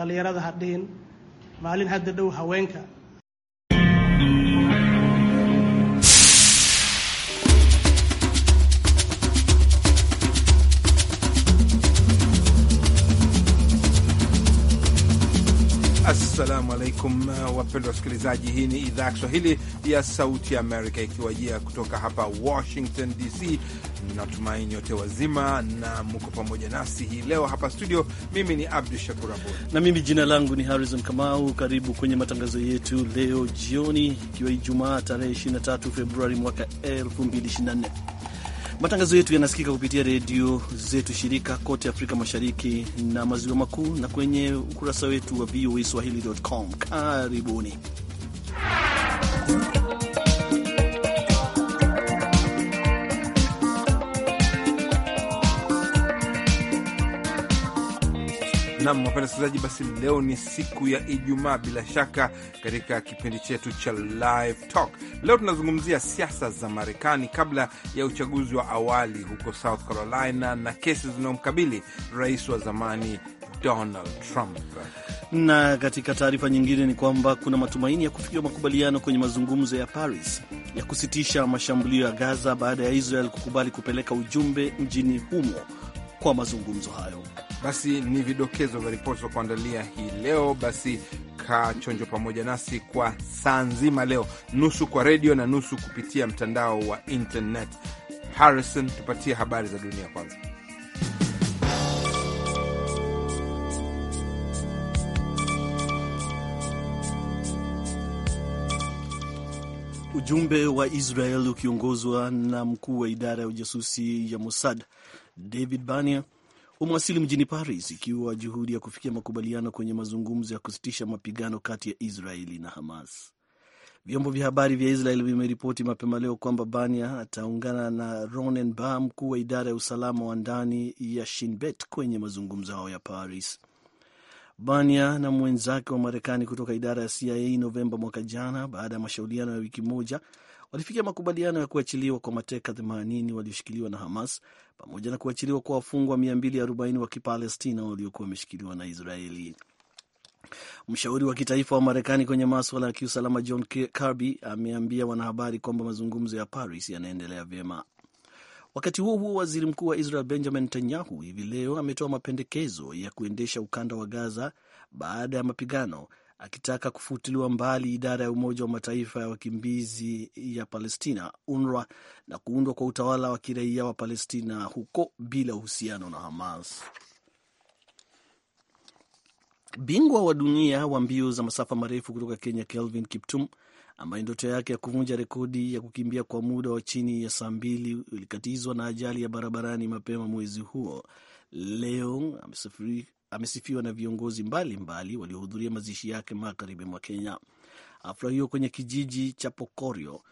dhallinyarada hadhihin maalin hadda dhow haweenka Assalamu alaikum, uh, wapendwa wasikilizaji. Hii ni idhaa ya Kiswahili ya Sauti ya Amerika ikiwajia kutoka hapa Washington DC. Natumai nyote wazima na mko pamoja nasi hii leo hapa studio. Mimi ni Abdu Shakur Abud na mimi jina langu ni Harrison Kamau. Karibu kwenye matangazo yetu leo jioni, ikiwa Ijumaa tarehe 23 Februari mwaka 2024. Matangazo yetu yanasikika kupitia redio zetu shirika kote Afrika Mashariki na Maziwa Makuu na kwenye ukurasa wetu wa VOA Swahili.com. Karibuni. Nam, wapenda wasikilizaji, basi leo ni siku ya Ijumaa. Bila shaka katika kipindi chetu cha Live Talk leo tunazungumzia siasa za Marekani kabla ya uchaguzi wa awali huko South Carolina na kesi zinayomkabili rais wa zamani Donald Trump. Na katika taarifa nyingine ni kwamba kuna matumaini ya kufikiwa makubaliano kwenye mazungumzo ya Paris ya kusitisha mashambulio ya Gaza baada ya Israel kukubali kupeleka ujumbe mjini humo kwa mazungumzo hayo. Basi ni vidokezo vya ripoti za kuandalia hii leo. Basi kaa chonjo pamoja nasi kwa saa nzima leo, nusu kwa redio na nusu kupitia mtandao wa internet. Harrison, tupatie habari za dunia kwanza. Ujumbe wa Israel ukiongozwa na mkuu wa idara ya ujasusi ya Mossad David Bania umewasili mjini Paris ikiwa juhudi ya kufikia makubaliano kwenye mazungumzo ya kusitisha mapigano kati ya Israeli na Hamas. Vyombo vya habari vya Israel vimeripoti mapema leo kwamba Bania ataungana na Ronen Bar, mkuu wa idara ya usalama wa ndani ya Shinbet kwenye mazungumzo hayo ya Paris. Bania na mwenzake wa Marekani kutoka idara ya CIA Novemba mwaka jana, baada ya mashauriano ya wiki moja, walifikia makubaliano ya kuachiliwa kwa mateka 80 walioshikiliwa na Hamas pamoja na kuachiliwa kwa wafungwa 240 wa Kipalestina waliokuwa wameshikiliwa na Israeli. Mshauri wa kitaifa wa Marekani kwenye maswala ya kiusalama John Kirby ameambia wanahabari kwamba mazungumzo ya Paris yanaendelea vyema. Wakati huo huo, waziri mkuu wa Israel Benjamin Netanyahu hivi leo ametoa mapendekezo ya kuendesha ukanda wa Gaza baada ya mapigano akitaka kufutiliwa mbali idara ya Umoja wa Mataifa ya wakimbizi ya Palestina, UNRWA, na kuundwa kwa utawala wa kiraia wa Palestina huko bila uhusiano na Hamas. Bingwa wa dunia wa mbio za masafa marefu kutoka Kenya, Kelvin Kiptum, ambaye ndoto yake ya kuvunja rekodi ya kukimbia kwa muda wa chini ya saa mbili ulikatizwa na ajali ya barabarani mapema mwezi huo, leo amesafiri amesifiwa na viongozi mbalimbali waliohudhuria mazishi yake magharibi mwa Kenya. Hafla hiyo kwenye kijiji cha Pokorio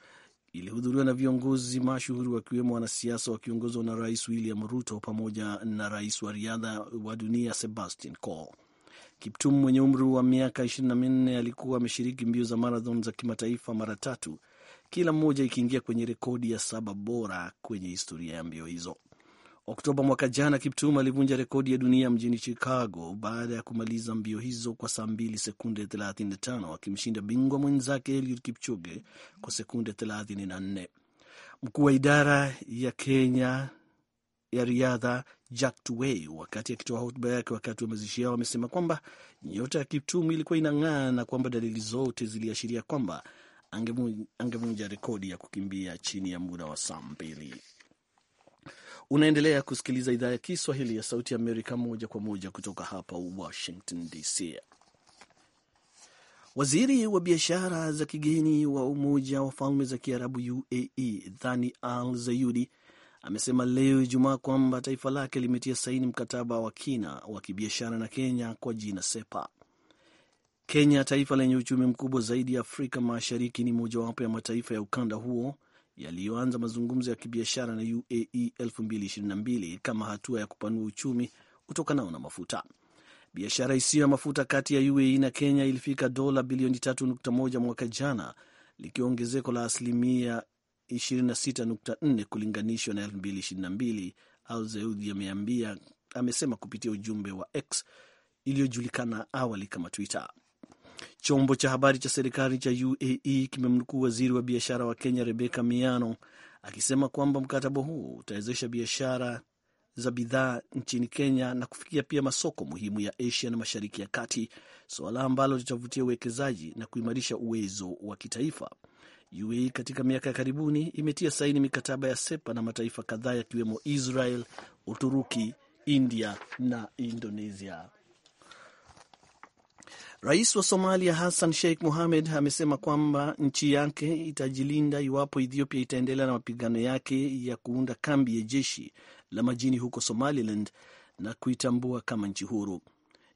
ilihudhuriwa na viongozi mashuhuri wakiwemo wanasiasa wakiongozwa na Rais William Ruto pamoja na rais wa riadha wa dunia Sebastian Coe. Kiptum mwenye umri wa miaka ishirini na minne alikuwa ameshiriki mbio za marathon za kimataifa mara tatu, kila mmoja ikiingia kwenye rekodi ya saba bora kwenye historia ya mbio hizo. Oktoba mwaka jana, Kiptum alivunja rekodi ya dunia mjini Chicago baada ya kumaliza mbio hizo kwa saa 2 sekunde 35 akimshinda bingwa mwenzake Eliud Kipchoge kwa sekunde 34. Mkuu wa idara ya Kenya ya riadha Jack Tuwei, wakati akitoa hotuba yake wakati wa mazishi yao, amesema kwamba nyota ya Kiptum ilikuwa inang'aa na kwamba dalili zote ziliashiria kwamba angevunja rekodi ya kukimbia chini ya muda wa saa mbili. Unaendelea kusikiliza idhaa ya Kiswahili ya Sauti ya Amerika moja kwa moja kutoka hapa Washington DC. Waziri wa biashara za kigeni wa Umoja wa Falme za Kiarabu UAE Dhani Al Zayudi amesema leo Ijumaa kwamba taifa lake limetia saini mkataba wa kina wa kibiashara na Kenya kwa jina SEPA. Kenya, taifa lenye uchumi mkubwa zaidi ya Afrika Mashariki, ni mojawapo ya mataifa ya ukanda huo yaliyoanza mazungumzo ya kibiashara na UAE 2022 kama hatua ya kupanua uchumi utokanao na mafuta. Biashara isiyo ya mafuta kati ya UAE na Kenya ilifika dola bilioni 3.1 mwaka jana, likiwa ongezeko la asilimia 26.4 kulinganishwa na 2022, au Zaudi ameambia amesema kupitia ujumbe wa X iliyojulikana awali kama Twitter. Chombo cha habari cha serikali cha UAE kimemnukuu waziri wa biashara wa Kenya Rebeka Miano akisema kwamba mkataba huu utawezesha biashara za bidhaa nchini Kenya na kufikia pia masoko muhimu ya Asia na Mashariki ya Kati, suala ambalo litavutia uwekezaji na kuimarisha uwezo wa kitaifa. UAE katika miaka ya karibuni imetia saini mikataba ya SEPA na mataifa kadhaa yakiwemo Israel, Uturuki, India na Indonesia. Rais wa Somalia Hassan Sheikh Mohamed amesema kwamba nchi yake itajilinda iwapo Ethiopia itaendelea na mapigano yake ya kuunda kambi ya jeshi la majini huko Somaliland na kuitambua kama nchi huru.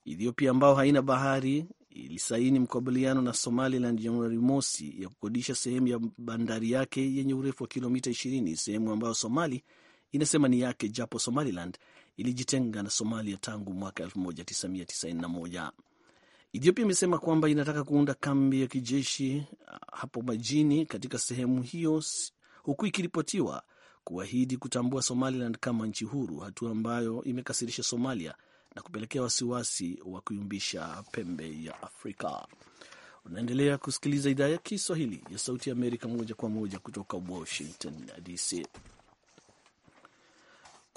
Ethiopia ambayo haina bahari ilisaini mkubaliano na Somaliland Januari mosi ya kukodisha sehemu ya bandari yake yenye urefu wa kilomita 20, sehemu ambayo Somali inasema ni yake, japo Somaliland ilijitenga na Somalia tangu mwaka 1991. Ethiopia imesema kwamba inataka kuunda kambi ya kijeshi uh, hapo majini katika sehemu hiyo, huku ikiripotiwa kuahidi kutambua Somaliland kama nchi huru, hatua ambayo imekasirisha Somalia na kupelekea wasiwasi wa kuyumbisha pembe ya Afrika. Unaendelea kusikiliza idhaa ya Kiswahili ya Sauti ya Amerika moja kwa moja kutoka Washington DC.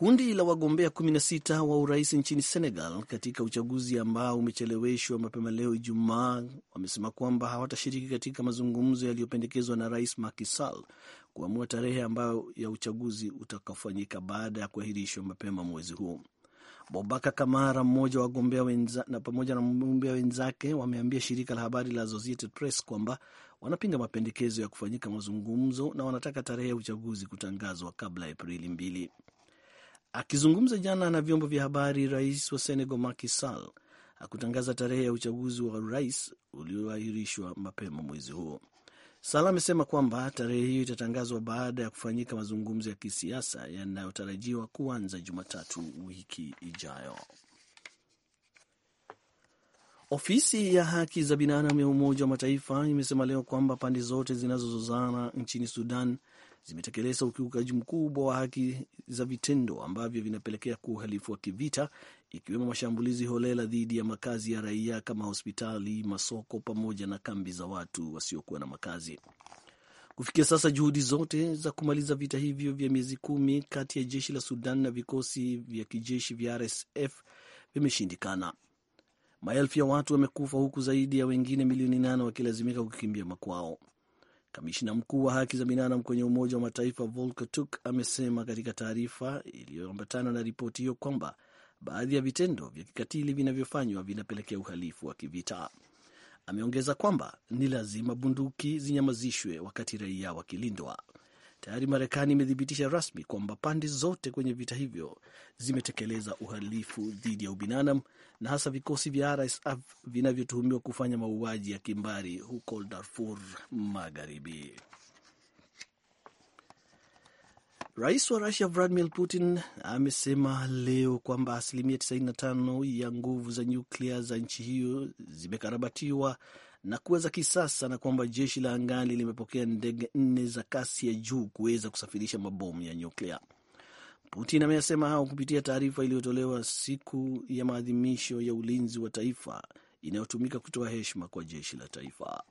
Kundi la wagombea 16 wa urais nchini Senegal katika uchaguzi ambao umecheleweshwa mapema leo Ijumaa wamesema kwamba hawatashiriki katika mazungumzo yaliyopendekezwa na Rais Macky Sall kuamua tarehe ambayo ya uchaguzi utakafanyika baada ya kuahirishwa mapema mwezi huu. Bobaka Kamara mmoja wa wagombea wenza, na pamoja na wagombea wenzake wameambia shirika la habari la Associated Press kwamba wanapinga mapendekezo ya kufanyika mazungumzo na wanataka tarehe ya uchaguzi kutangazwa kabla Aprili mbili. Akizungumza jana na vyombo vya habari, rais wa Senegal Macky Sall hakutangaza tarehe ya uchaguzi wa rais ulioahirishwa mapema mwezi huo. Sall amesema kwamba tarehe hiyo itatangazwa baada ya kufanyika mazungumzo ya kisiasa yanayotarajiwa kuanza Jumatatu wiki ijayo. Ofisi ya haki za binadamu ya Umoja wa Mataifa imesema leo kwamba pande zote zinazozozana nchini Sudan zimetekeleza ukiukaji mkubwa wa haki za vitendo ambavyo vinapelekea kuwa uhalifu wa kivita, ikiwemo mashambulizi holela dhidi ya makazi ya raia kama hospitali, masoko, pamoja na kambi za watu wasiokuwa na makazi. Kufikia sasa juhudi zote za kumaliza vita hivyo vya miezi kumi kati ya jeshi la Sudan na vikosi vya kijeshi vya RSF vimeshindikana. Maelfu ya watu wamekufa huku zaidi ya wengine milioni nane wakilazimika kukimbia makwao. Kamishina mkuu wa haki za binadamu kwenye Umoja wa Mataifa Volker Turk amesema katika taarifa iliyoambatana na ripoti hiyo kwamba baadhi ya vitendo vya kikatili vinavyofanywa vinapelekea uhalifu wa kivita. Ameongeza kwamba ni lazima bunduki zinyamazishwe wakati raia wakilindwa. Tayari Marekani imethibitisha rasmi kwamba pande zote kwenye vita hivyo zimetekeleza uhalifu dhidi ya ubinadamu na hasa vikosi vya RSF vinavyotuhumiwa kufanya mauaji ya kimbari huko Darfur Magharibi. Rais wa Rusia Vladimir Putin amesema leo kwamba asilimia 95 ya nguvu za nyuklia za nchi hiyo zimekarabatiwa na kuwa za kisasa na kwamba jeshi la angani limepokea ndege nne za kasi ya juu kuweza kusafirisha mabomu ya nyuklia. Putin ameyasema hao kupitia taarifa iliyotolewa siku ya maadhimisho ya ulinzi wa taifa inayotumika kutoa heshima kwa jeshi la taifa.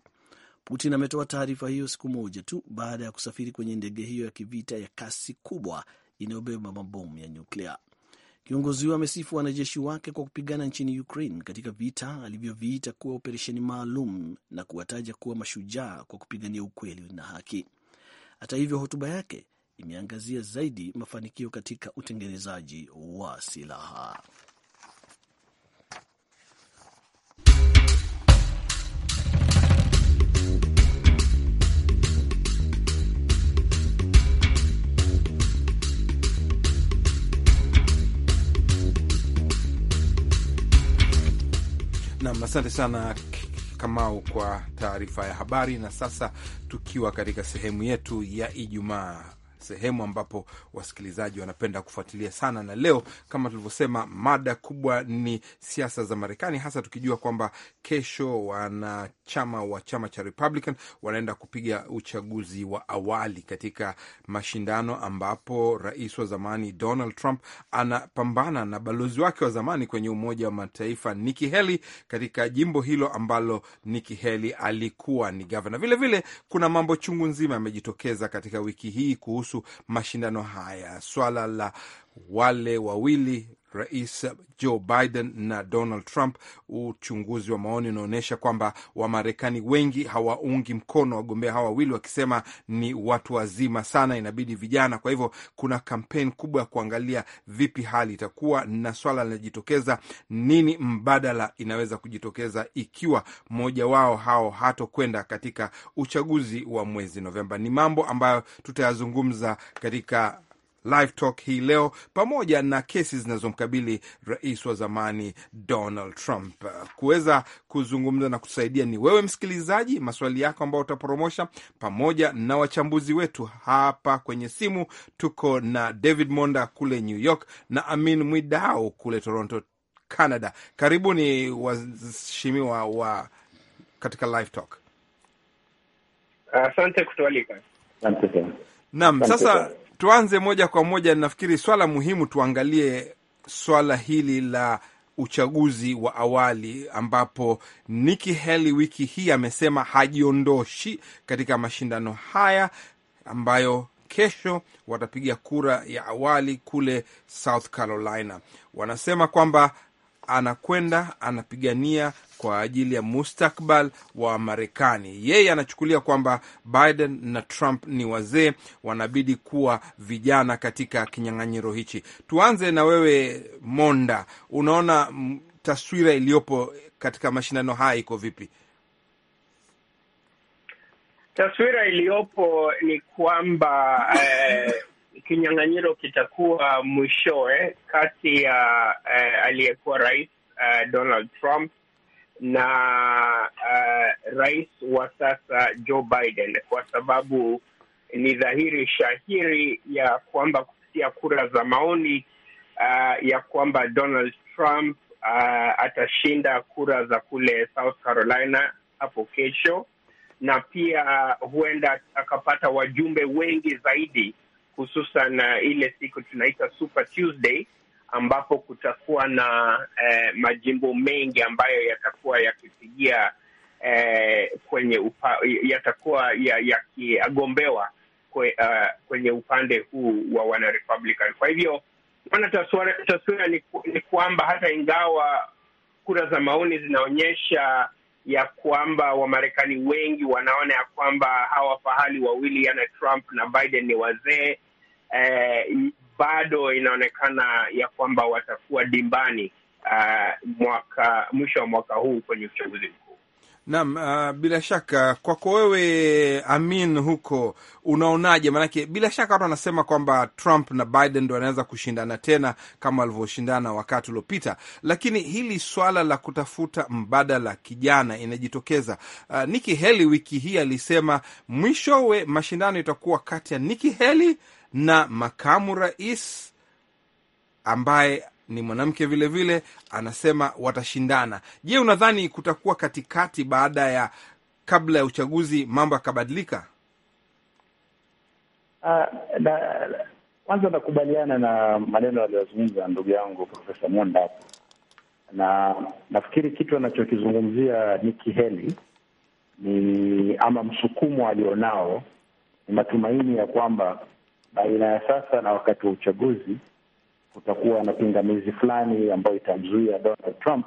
Putin ametoa taarifa hiyo siku moja tu baada ya kusafiri kwenye ndege hiyo ya kivita ya kasi kubwa inayobeba mabomu ya nyuklia. Kiongozi huyo amesifu wanajeshi wake kwa kupigana nchini Ukraine katika vita alivyoviita kuwa operesheni maalum na kuwataja kuwa mashujaa kwa kupigania ukweli na haki. Hata hivyo, hotuba yake imeangazia zaidi mafanikio katika utengenezaji wa silaha. Nam, asante sana Kamau kwa taarifa ya habari. Na sasa tukiwa katika sehemu yetu ya Ijumaa sehemu ambapo wasikilizaji wanapenda kufuatilia sana. Na leo kama tulivyosema, mada kubwa ni siasa za Marekani, hasa tukijua kwamba kesho wanachama wa chama cha Republican wanaenda kupiga uchaguzi wa awali katika mashindano ambapo rais wa zamani Donald Trump anapambana na balozi wake wa zamani kwenye Umoja wa Mataifa Nikki Haley katika jimbo hilo ambalo Nikki Haley alikuwa ni gavana. Vilevile kuna mambo chungu nzima yamejitokeza katika wiki hii kuhusu mashindano haya. Swala la wale wawili Rais Joe Biden na Donald Trump, uchunguzi wa maoni unaonyesha kwamba Wamarekani wengi hawaungi mkono wagombea hawa wawili, wakisema ni watu wazima sana, inabidi vijana. Kwa hivyo kuna kampeni kubwa ya kuangalia vipi hali itakuwa, na swala linajitokeza nini mbadala inaweza kujitokeza ikiwa mmoja wao hao hatokwenda katika uchaguzi wa mwezi Novemba. Ni mambo ambayo tutayazungumza katika Live Talk hii leo, pamoja na kesi zinazomkabili rais wa zamani Donald Trump. Kuweza kuzungumza na kutusaidia ni wewe msikilizaji, maswali yako ambayo utaporomosha, pamoja na wachambuzi wetu hapa kwenye simu. Tuko na David Monda kule New York na Amin Mwidau kule Toronto, Canada. Karibuni waheshimiwa wa katika Live Talk. Asante uh, kutualika. Naam, sasa Tuanze moja kwa moja, nafikiri swala muhimu tuangalie swala hili la uchaguzi wa awali ambapo Nikki Haley wiki hii amesema hajiondoshi katika mashindano haya ambayo kesho watapiga kura ya awali kule South Carolina. Wanasema kwamba anakwenda anapigania kwa ajili ya mustakbal wa Marekani. Yeye anachukulia kwamba Biden na Trump ni wazee, wanabidi kuwa vijana katika kinyang'anyiro hichi. Tuanze na wewe Monda, unaona taswira iliyopo katika mashindano haya iko vipi? Taswira iliyopo ni kwamba eh, kinyang'anyiro kitakuwa mwishowe kati ya uh, aliyekuwa rais uh, Donald Trump na uh, rais wa sasa Joe Biden, kwa sababu ni dhahiri shahiri ya kwamba kupitia kura za maoni uh, ya kwamba Donald Trump uh, atashinda kura za kule South Carolina hapo kesho, na pia huenda akapata wajumbe wengi zaidi hususan uh, ile siku tunaita Super Tuesday ambapo kutakuwa na eh, majimbo mengi ambayo yatakuwa yakipigia eh, kwenye upa, yatakuwa yakigombewa ya kwe, uh, kwenye upande huu wa wana Republican. Kwa hivyo ana taswira ni, ni kwamba hata ingawa kura za maoni zinaonyesha ya kwamba Wamarekani wengi wanaona ya kwamba hawa fahali wawili, yana Trump na Biden, ni wazee eh, bado inaonekana ya kwamba watakuwa dimbani uh, mwaka mwisho wa mwaka huu kwenye uchaguzi mkuu. Naam, uh, bila shaka kwako wewe Amin huko unaonaje? Maanake bila shaka watu wanasema kwamba Trump na Biden ndo wanaweza kushindana tena kama walivyoshindana wakati uliopita, lakini hili swala la kutafuta mbadala kijana inajitokeza. Uh, Nikki Haley wiki hii alisema mwishowe mashindano itakuwa kati ya Nikki Haley na makamu rais ambaye ni mwanamke vilevile vile, anasema watashindana. Je, unadhani kutakuwa katikati baada ya kabla ya uchaguzi mambo yakabadilika? Ah, kwanza uh, nakubaliana na maneno aliyozungumza ndugu yangu Profesa Monda na nafikiri kitu anachokizungumzia Nikki Haley ni ama msukumo alionao ni matumaini ya kwamba baina ya sasa na wakati wa uchaguzi kutakuwa na pingamizi fulani ambayo itamzuia Donald Trump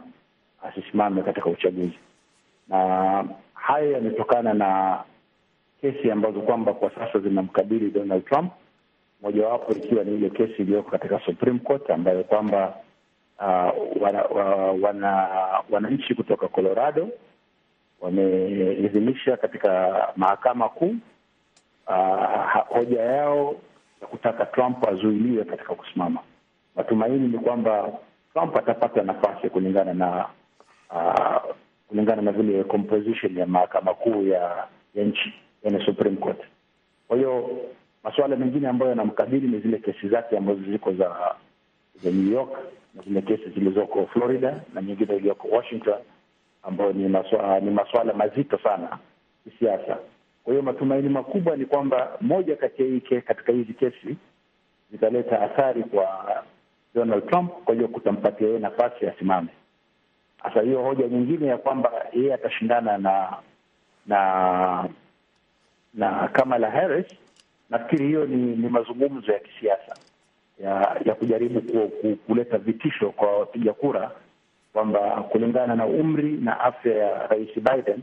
asisimame katika uchaguzi, na haya yametokana na kesi ambazo kwamba kwa sasa zinamkabili Donald Trump, mojawapo ikiwa ni ile kesi iliyoko katika Supreme Court ambayo kwamba uh, wananchi wana, wana kutoka Colorado wameidhinisha katika mahakama kuu uh, hoja yao ya kutaka Trump azuiliwe katika kusimama. Matumaini ni kwamba Trump atapata nafasi kulingana na uh, kulingana na vile composition ya mahakama kuu ya, ya nchi yaani Supreme Court. Kwa hiyo masuala mengine ambayo yanamkabili ni zile kesi zake ambazo ziko za za New York na zile kesi zilizoko Florida na nyingine iliyoko Washington ambayo ni maswala, ni maswala mazito sana kisiasa kwa hiyo matumaini makubwa ni kwamba moja kati ya hii katika hizi kesi zitaleta athari kwa Donald Trump, kwa hiyo kutampatia yeye nafasi asimame. Sasa hiyo hoja nyingine ya kwamba yeye atashindana na na na Kamala Harris, nafikiri hiyo ni, ni mazungumzo ya kisiasa ya ya kujaribu ku, ku, kuleta vitisho kwa wapiga kura kwamba kulingana na umri na afya ya Rais Biden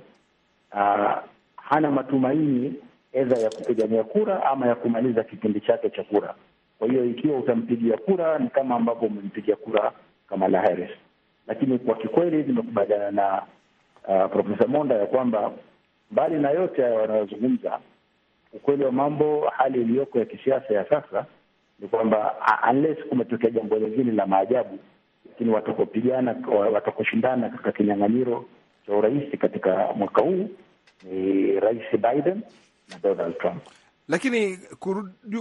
ah, hana matumaini edha ya kupigania kura ama ya kumaliza kipindi chake cha kura. Kwa hiyo ikiwa utampigia kura ni kama ambavyo umempigia kura Kamala Harris. Lakini kwa kikweli nimekubaliana na uh, Profesa Monda ya kwamba mbali na yote hayo wanayozungumza, ukweli wa mambo, hali iliyoko ya kisiasa ya sasa ni kwamba uh, unless kumetokea jambo lingine la maajabu, lakini watakopigana, watakoshindana katika kinyang'anyiro cha urais katika mwaka huu ni Rais Biden na Donald Trump. Lakini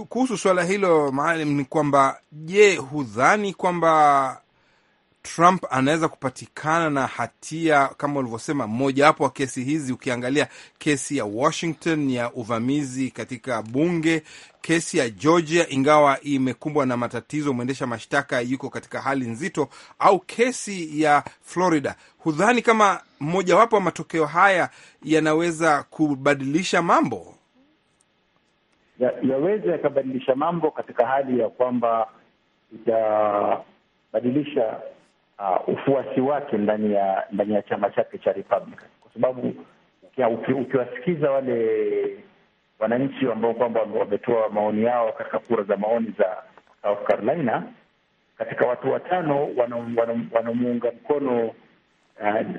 kuhusu suala hilo, Maalim, ni kwamba je, hudhani kwamba Trump anaweza kupatikana na hatia kama ulivyosema, mmojawapo wa kesi hizi. Ukiangalia kesi ya Washington ya uvamizi katika bunge, kesi ya Georgia ingawa imekumbwa na matatizo, mwendesha mashtaka yuko katika hali nzito, au kesi ya Florida, hudhani kama mmojawapo wa matokeo haya yanaweza kubadilisha mambo? Yaweza yakabadilisha mambo katika hali ya kwamba itabadilisha uh, ufuasi wake ndani ya ndani ya chama chake cha Republican, kwa sababu ukiwasikiza wale wananchi ambao kwamba wametoa maoni yao katika kura za maoni za South Carolina, katika watu watano wanamuunga wana, wana mkono uh,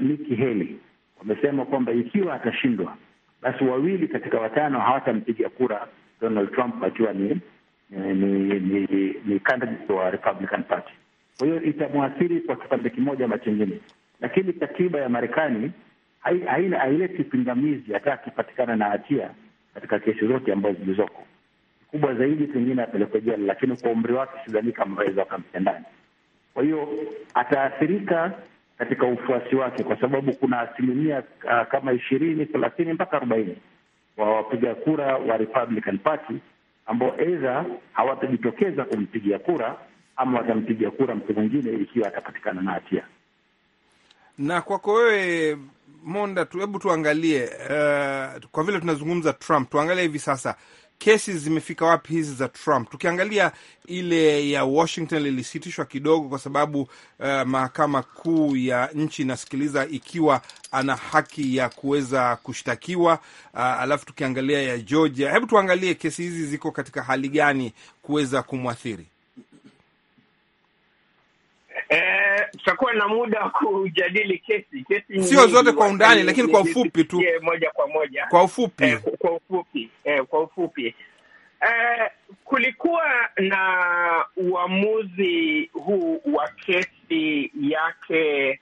Nikki Haley wamesema kwamba ikiwa atashindwa basi wawili katika watano hawatampiga kura Donald Trump akiwa ni ni, ni, ni, ni candidate wa Republican Party. Kwa hiyo itamwathiri kwa kipande kimoja ama chengine, lakini katiba ya Marekani haileti pingamizi hata akipatikana na hatia katika kesi zote ambazo zilizoko. Kubwa zaidi pengine apelekwe jela, lakini kwa umri wake sidhani kama waweza wakamtia ndani. Kwa hiyo ataathirika katika ufuasi wake, kwa sababu kuna asilimia uh, kama ishirini thelathini mpaka arobaini wa wapiga kura wa Republican Party ambao aidha hawatajitokeza kumpigia kura ama watampigia kura mtu mwingine ikiwa atapatikana na hatia. Na kwako wewe Monda, hebu tuangalie uh, kwa vile tunazungumza Trump, tuangalie hivi sasa kesi zimefika wapi hizi za Trump? Tukiangalia ile ya Washington ilisitishwa kidogo, kwa sababu uh, mahakama kuu ya nchi inasikiliza ikiwa ana haki ya kuweza kushtakiwa. Uh, alafu tukiangalia ya Georgia, hebu tuangalie kesi hizi ziko katika hali gani kuweza kumwathiri Eh, tutakuwa na muda wa kujadili kesi kesi, sio zote kwa undani, lakini kwa ufupi tu, moja kwa moja, kwa ufupi eh, kwa ufupi eh, kwa ufupi eh, kulikuwa na uamuzi huu wa kesi yake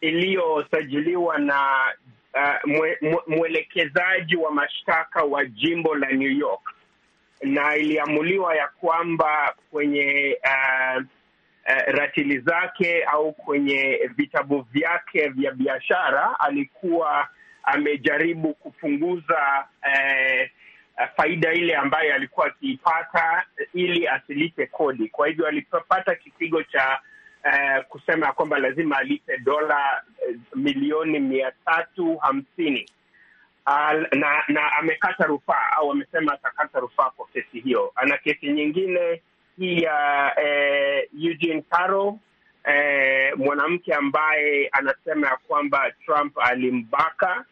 iliyosajiliwa na uh, mwe, mwelekezaji wa mashtaka wa jimbo la New York, na iliamuliwa ya kwamba kwenye uh, uh, ratili zake au kwenye vitabu vyake vya biashara alikuwa amejaribu kupunguza uh, faida ile ambayo alikuwa akiipata ili asilipe kodi. Kwa hivyo alipata kipigo cha uh, kusema kwamba lazima alipe dola milioni mia tatu hamsini Al, na, na amekata rufaa au amesema atakata rufaa kwa kesi hiyo. Ana kesi nyingine ya eh, Eugene Carroll eh, mwanamke ambaye anasema ya kwamba Trump alimbaka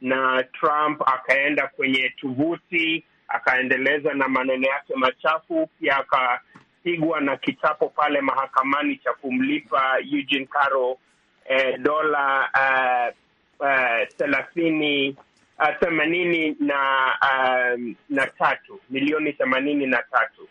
na Trump akaenda kwenye tuvuti akaendeleza na maneno yake machafu, pia akapigwa na kitapo pale mahakamani cha kumlipa Eugene Carroll eh, dola eh, eh, thelathini eh, themanini na, uh, na tatu milioni themanini na tatu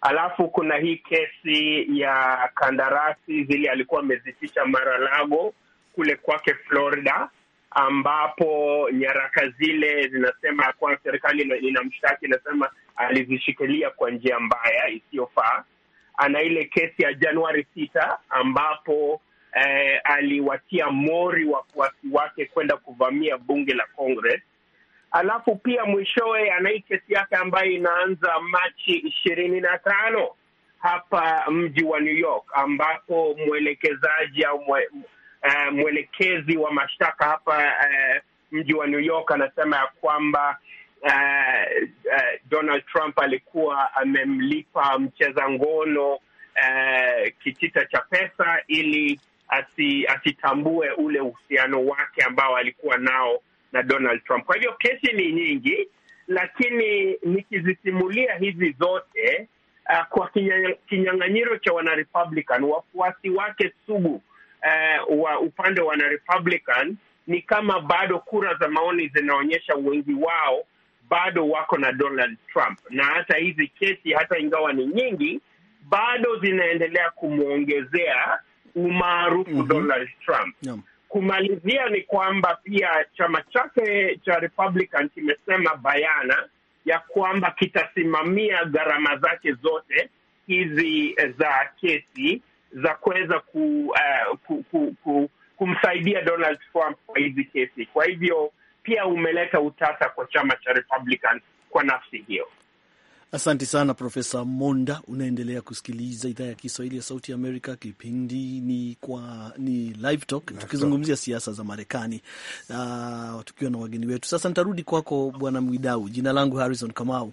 Alafu kuna hii kesi ya kandarasi zile alikuwa amezificha Maralago kule kwake Florida, ambapo nyaraka zile zinasema ya kwamba serikali inamshtaki, inasema alizishikilia kwa njia mbaya isiyofaa. Ana ile kesi ya Januari sita ambapo eh, aliwatia mori wafuasi wake kwenda kuvamia bunge la Congress alafu pia mwishowe anai kesi yake ambayo inaanza Machi ishirini na tano hapa mji wa New York ambapo mwelekezaji au mwe, uh, mwelekezi wa mashtaka hapa uh, mji wa New York anasema ya kwamba uh, uh, Donald Trump alikuwa amemlipa mcheza ngono uh, kitita cha pesa ili asi, asitambue ule uhusiano wake ambao alikuwa nao na Donald Trump. Kwa hivyo kesi ni nyingi, lakini nikizisimulia hizi zote uh, kwa kinyang'anyiro cha wanarepublican, wafuasi wake sugu uh, wa upande wa wanarepublican ni kama bado kura za maoni zinaonyesha wengi wao bado wako na Donald Trump, na hata hizi kesi hata ingawa ni nyingi bado zinaendelea kumwongezea umaarufu mm -hmm. Donald Trump yeah kumalizia ni kwamba pia chama chake cha Republican kimesema bayana ya kwamba kitasimamia gharama zake zote hizi eh, za kesi za kuweza ku, uh, ku, ku, ku, kumsaidia Donald Trump kwa hizi kesi. Kwa hivyo pia umeleta utata kwa chama cha Republican kwa nafsi hiyo. Asante sana Profesa Monda. Unaendelea kusikiliza idhaa ya Kiswahili ya Sauti Amerika. Kipindi ni kwa ni Live Talk, tukizungumzia siasa za Marekani uh, tukiwa na wageni wetu. Sasa nitarudi kwako Bwana Mwidau. Jina langu Harrison Kamau,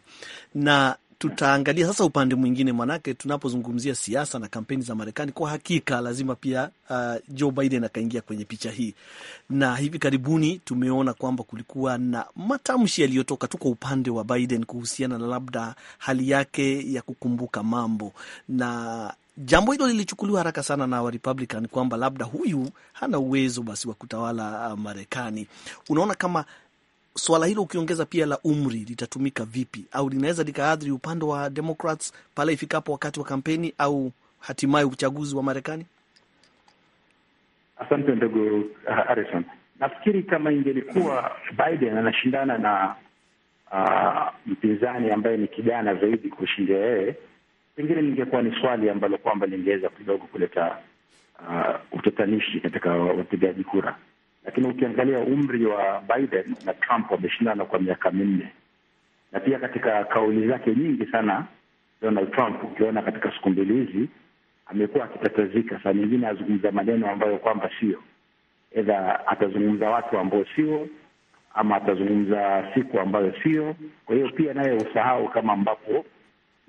na tutaangalia sasa upande mwingine, manake tunapozungumzia siasa na kampeni za Marekani, kwa hakika lazima pia uh, Joe Biden akaingia kwenye picha hii, na hivi karibuni tumeona kwamba kulikuwa na matamshi yaliyotoka tu kwa upande wa Biden kuhusiana na labda hali yake ya kukumbuka mambo na jambo hilo lilichukuliwa haraka sana na Warepublican kwamba labda huyu hana uwezo basi wa kutawala uh, Marekani. Unaona kama swala hilo ukiongeza pia la umri litatumika vipi, au linaweza likaadhiri upande wa Democrats pale ifikapo wakati wa kampeni au hatimaye uchaguzi wa Marekani? Asante ndugu uh, Harrison. Nafikiri kama ingelikuwa Biden anashindana na uh, mpinzani ambaye ni kijana zaidi kushindia yeye, pengine lingekuwa ni swali ambalo kwamba lingeweza kidogo kuleta uh, utatanishi katika wapigaji kura lakini ukiangalia umri wa Biden na Trump wameshindana kwa miaka minne, na pia katika kauli zake nyingi sana Donald Trump, ukiona katika siku mbili hizi amekuwa akitatazika, saa nyingine azungumza maneno ambayo kwamba sio, edha atazungumza watu ambao sio ama atazungumza siku ambayo sio. Kwa hiyo pia naye usahau kama ambapo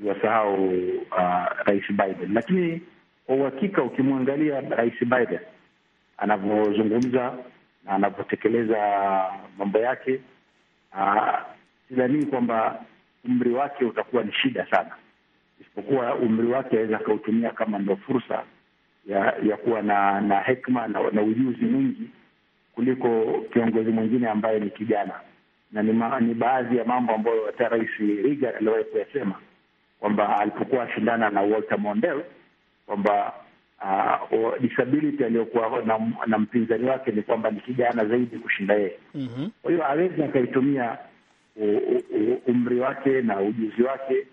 iwasahau uh, rais Biden. Lakini kwa uhakika ukimwangalia rais Biden anavyozungumza, na anapotekeleza mambo yake, ah, sidhanii kwamba umri wake utakuwa ni shida sana, isipokuwa umri wake aweza akautumia kama ndo fursa ya ya kuwa na na hekima na, na ujuzi mwingi kuliko kiongozi mwingine ambaye ni kijana na ni, ma, ni baadhi ya mambo ambayo hata Rais Reagan aliwahi kuyasema kwamba alipokuwa ashindana na Walter Mondale kwamba uh, disability aliyokuwa na, na mpinzani wake ni kwamba ni kijana zaidi kushinda yeye. mm -hmm. Kwa hiyo hawezi akaitumia umri wake na ujuzi wake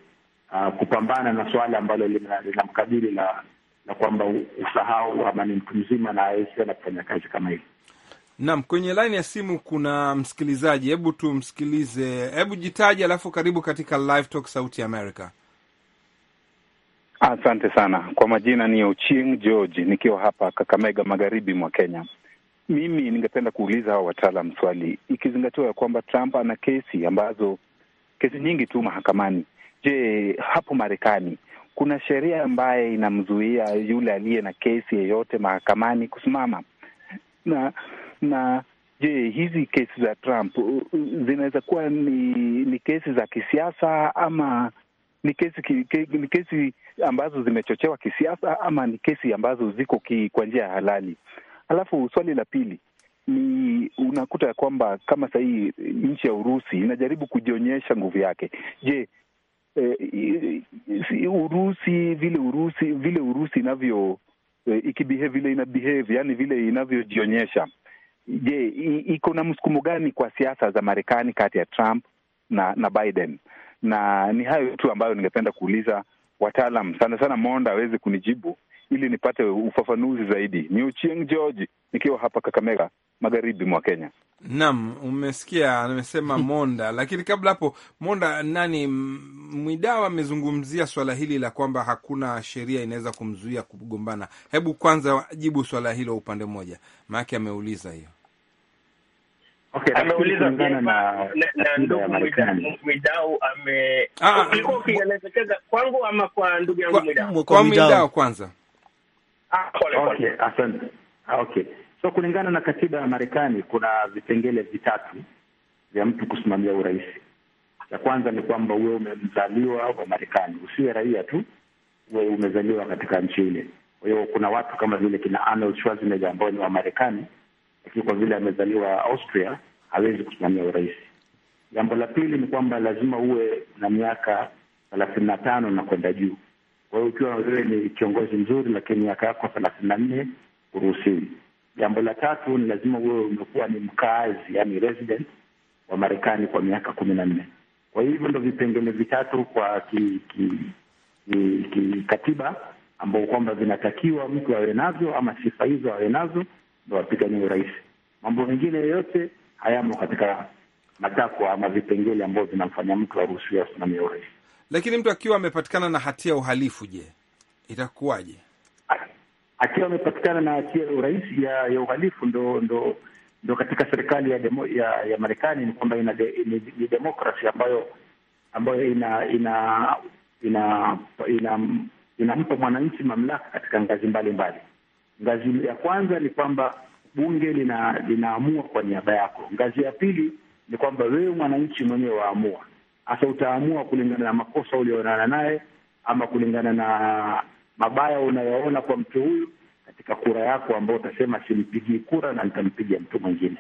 uh, kupambana na swala ambalo linamkabili la na kwamba usahau ama ni mtu mzima na awezi na kufanya kazi kama hili Naam, kwenye laini ya simu kuna msikilizaji, hebu tumsikilize. Hebu jitaje, alafu karibu katika Live Talk Sauti ya America. Asante sana kwa majina, ni Ochieng George nikiwa hapa Kakamega, magharibi mwa Kenya. Mimi ningependa kuuliza hawa wataalam swali, ikizingatiwa ya kwamba Trump ana kesi ambazo kesi nyingi tu mahakamani. Je, hapo Marekani kuna sheria ambaye inamzuia yule aliye na kesi yeyote mahakamani kusimama? Na na je, hizi kesi za Trump uh, zinaweza kuwa ni, ni kesi za kisiasa ama ni kesi ki, ke, ni kesi ambazo zimechochewa kisiasa ama ni kesi ambazo ziko kwa njia ya halali. Alafu swali la pili ni unakuta ya kwamba kama sahii nchi ya Urusi inajaribu kujionyesha nguvu yake. Je, e, eh, si Urusi vile Urusi vile Urusi inavyo e, ikibehave vile inabehave, yani vile inavyojionyesha, je, iko na msukumo gani kwa siasa za Marekani kati ya Trump na na Biden? na ni hayo tu ambayo ningependa kuuliza wataalam, sana sana Monda aweze kunijibu ili nipate ufafanuzi zaidi. Ni Uchieng George nikiwa hapa Kakamega, magharibi mwa Kenya. nam umesikia amesema Monda. Lakini kabla hapo, Monda nani Mwidawa amezungumzia swala hili la kwamba hakuna sheria inaweza kumzuia kugombana. Hebu kwanza jibu swala hilo upande mmoja, maake ameuliza hiyo Okay, na, Mwidau ame ah, ah. kwanza. So kulingana na katiba ya Marekani kuna vipengele vitatu vya mtu kusimamia urais. Cha kwanza ni kwamba uwe umezaliwa wa Marekani, usiwe raia tu, uwe umezaliwa katika nchi ile. Kwa hiyo kuna watu kama vile kina Arnold Schwarzenegger ambao ni wa Marekani lakini kwa vile amezaliwa Austria hawezi kusimamia urais. Jambo la pili ni kwamba lazima uwe na miaka thelathini na tano na kwenda juu. Kwa hiyo ukiwa wewe ni kiongozi mzuri, lakini miaka yako thelathini na nne kuruhusiwi. Jambo la tatu ni lazima uwe umekuwa ni mkaazi, yani resident wa Marekani kwa miaka kumi na nne. Kwa hivyo ndo vipengele vitatu kwa kikatiba ki, ki, ambao kwamba vinatakiwa mtu awe nazo ama sifa hizo awe nazo wapigania urais. Mambo mengine yoyote hayamo katika matakwa ama vipengele ambavyo vinamfanya mtu aruhusiwa asimamia urais. Lakini mtu akiwa amepatikana na hatia ya uhalifu, je, itakuwaje? Akiwa amepatikana na hatia ya urais ya, ya uhalifu, ndo ndo ndo katika serikali ya demo, ya, ya Marekani ni kwamba ina de, ni, ni demokrasi ambayo ambayo ina ina ina inampa ina, ina mwananchi mamlaka katika ngazi mbalimbali mbali. Ngazi ya kwanza ni kwamba bunge lina, linaamua kwa niaba yako. Ngazi ya pili ni kwamba wewe mwananchi mwenyewe waamua. hasa utaamua kulingana na makosa ulioonana naye ama kulingana na mabaya unayoona kwa mtu huyu katika kura yako ambayo utasema simpigii kura na nitampiga mtu mwingine.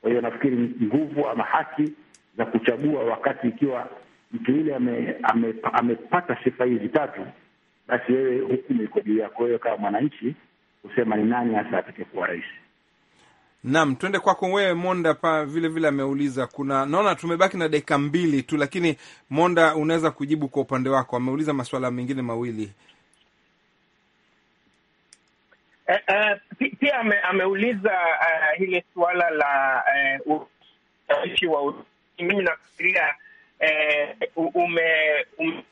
Kwa hiyo nafikiri nguvu ama haki za kuchagua, wakati ikiwa mtu yule amepata ame, ame sifa hizi tatu, basi wewe hukumu iko juu yako wewe kama mwananchi kusema ni nani hasa atakayekuwa rais. Naam, tuende kwako wewe Monda. Pa vile vile ameuliza kuna, naona tumebaki na dakika mbili tu, lakini Monda, unaweza kujibu kwa upande wako. Ameuliza masuala mengine mawili eh, eh, pia ame, ameuliza eh, hili suala la eh, ushawishi eh, wa mimi nafikiria eh, umetatiza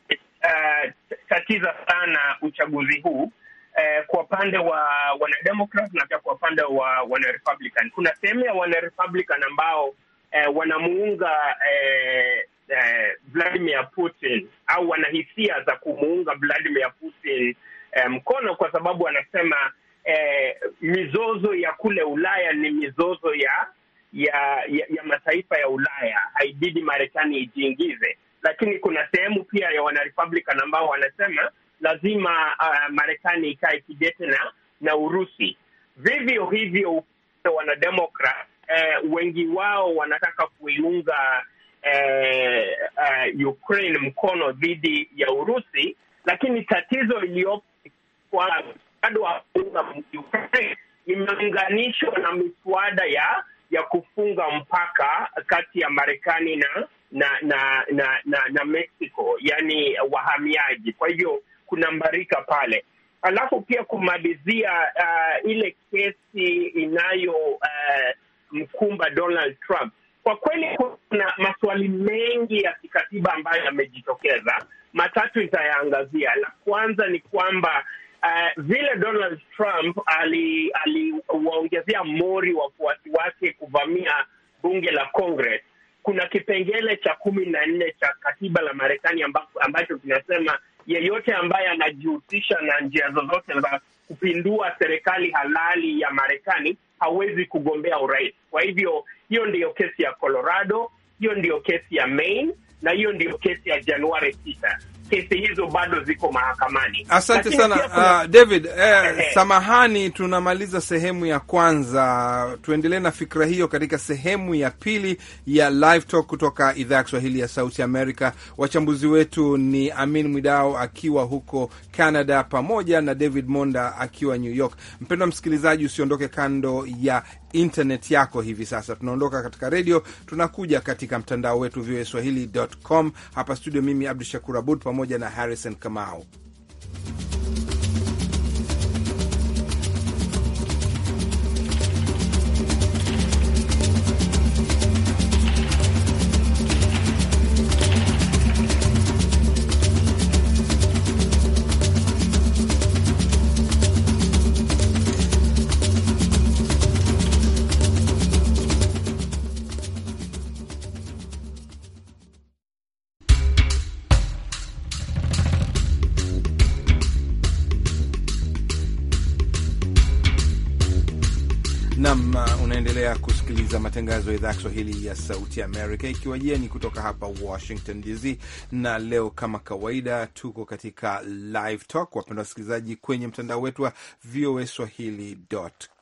ume uh, sana uchaguzi huu eh, kwa upande wa wanademokrat na pia kwa upande wa wanarepublican. Kuna sehemu ya wanarepublican ambao eh, wanamuunga eh, eh, Vladimir Putin au wanahisia za kumuunga Vladimir Putin eh, mkono kwa sababu wanasema eh, mizozo ya kule Ulaya ni mizozo ya ya, ya, ya mataifa ya Ulaya, haibidi Marekani ijiingize. Lakini kuna sehemu pia ya wanarepublican ambao wanasema lazima uh, Marekani ikae kidete na Urusi. Vivyo hivyo wanademokrat eh, uh, wengi wao wanataka kuiunga eh, uh, Ukraine mkono dhidi ya Urusi, lakini tatizo iliyopo kwa mswada wa kuunga Ukraine imeunganishwa na miswada ya ya kufunga mpaka kati ya Marekani na na na na, na, na Mexico, yani wahamiaji. Kwa hivyo kunambarika pale. Alafu pia kumalizia uh, ile kesi inayo uh, mkumba Donald Trump. Kwa kweli kuna maswali mengi ya kikatiba ambayo yamejitokeza, matatu itayaangazia. La kwanza ni kwamba uh, vile Donald Trump aliwaongezea ali mori wafuasi wake kuvamia bunge la Congress, kuna kipengele cha kumi na nne cha katiba la Marekani ambacho kinasema yeyote ambaye anajihusisha na njia zozote za kupindua serikali halali ya Marekani hawezi kugombea urais. Kwa hivyo hiyo ndiyo kesi ya Colorado, hiyo ndiyo kesi ya Maine na hiyo ndiyo kesi ya Januari sita kesi hizo bado ziko mahakamani. Asante sana uh, kuna... uh, David eh, eh, samahani, tunamaliza sehemu ya kwanza. Tuendelee na fikra hiyo katika sehemu ya pili ya Live Talk kutoka idhaa ya Kiswahili ya Sauti Amerika. Wachambuzi wetu ni Amin Mwidao akiwa huko Canada pamoja na David Monda akiwa New York. Mpendwa msikilizaji, usiondoke kando ya internet yako hivi sasa. Tunaondoka katika redio, tunakuja katika mtandao wetu VOA Swahili.com. Hapa studio, mimi Abdu Shakur Abud pamoja na Harrison Kamau. Mnaendelea kusikiliza matangazo ya idhaa ya Kiswahili ya Sauti Amerika ikiwa jeni kutoka hapa Washington DC, na leo kama kawaida tuko katika live talk, wapenda wasikilizaji, kwenye mtandao wetu wa voa swahili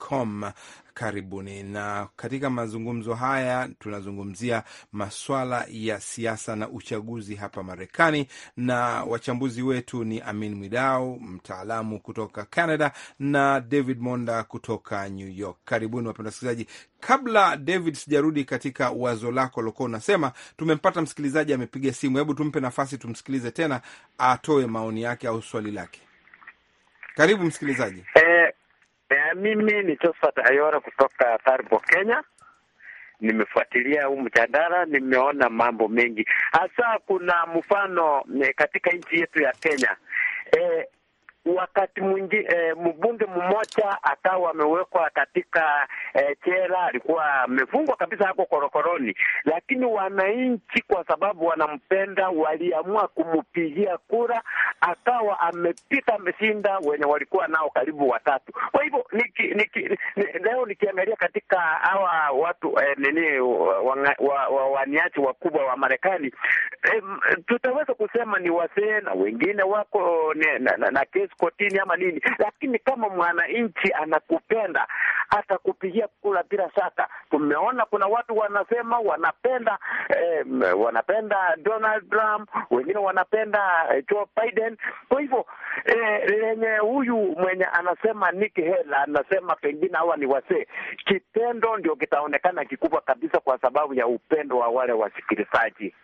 com karibuni. Na katika mazungumzo haya tunazungumzia maswala ya siasa na uchaguzi hapa Marekani, na wachambuzi wetu ni Amin Mwidau, mtaalamu kutoka Canada, na David Monda kutoka New York. Karibuni wapenda wasikilizaji. Kabla David, sijarudi katika wazo lako lokuwa unasema, tumempata msikilizaji amepiga simu. Hebu tumpe nafasi tumsikilize tena, atoe maoni yake au swali lake. Karibu msikilizaji. Eh, E, mimi ni Josephat Ayora kutoka Taribo, Kenya. Nimefuatilia huu mjadala, nimeona mambo mengi, hasa kuna mfano eh, katika nchi yetu ya Kenya. eh, wakati mwingi eh, mbunge mmoja akawa amewekwa katika e, eh, chela, alikuwa amefungwa kabisa hapo korokoroni, lakini wananchi kwa sababu wanampenda waliamua kumpigia kura, akawa amepita ameshinda wenye walikuwa nao karibu watatu. Kwa hivyo niki, niki, leo nikiangalia katika hawa watu eh, nini waniachi wa, wa, wa, wakubwa wa Marekani eh, tutaweza kusema ni wasee na wengine wako ni, na, na, na, na kesu kotini ama nini, lakini kama mwananchi anakupenda atakupigia kula bila shaka. Tumeona kuna watu wanasema wanapenda eh, wanapenda Donald Trump, wengine wanapenda eh, Joe Biden. Kwa hivyo eh, lenye huyu mwenye anasema Nikki Haley anasema pengine hawa ni wasee, kitendo ndio kitaonekana kikubwa kabisa kwa sababu ya upendo wa wale wasikilizaji.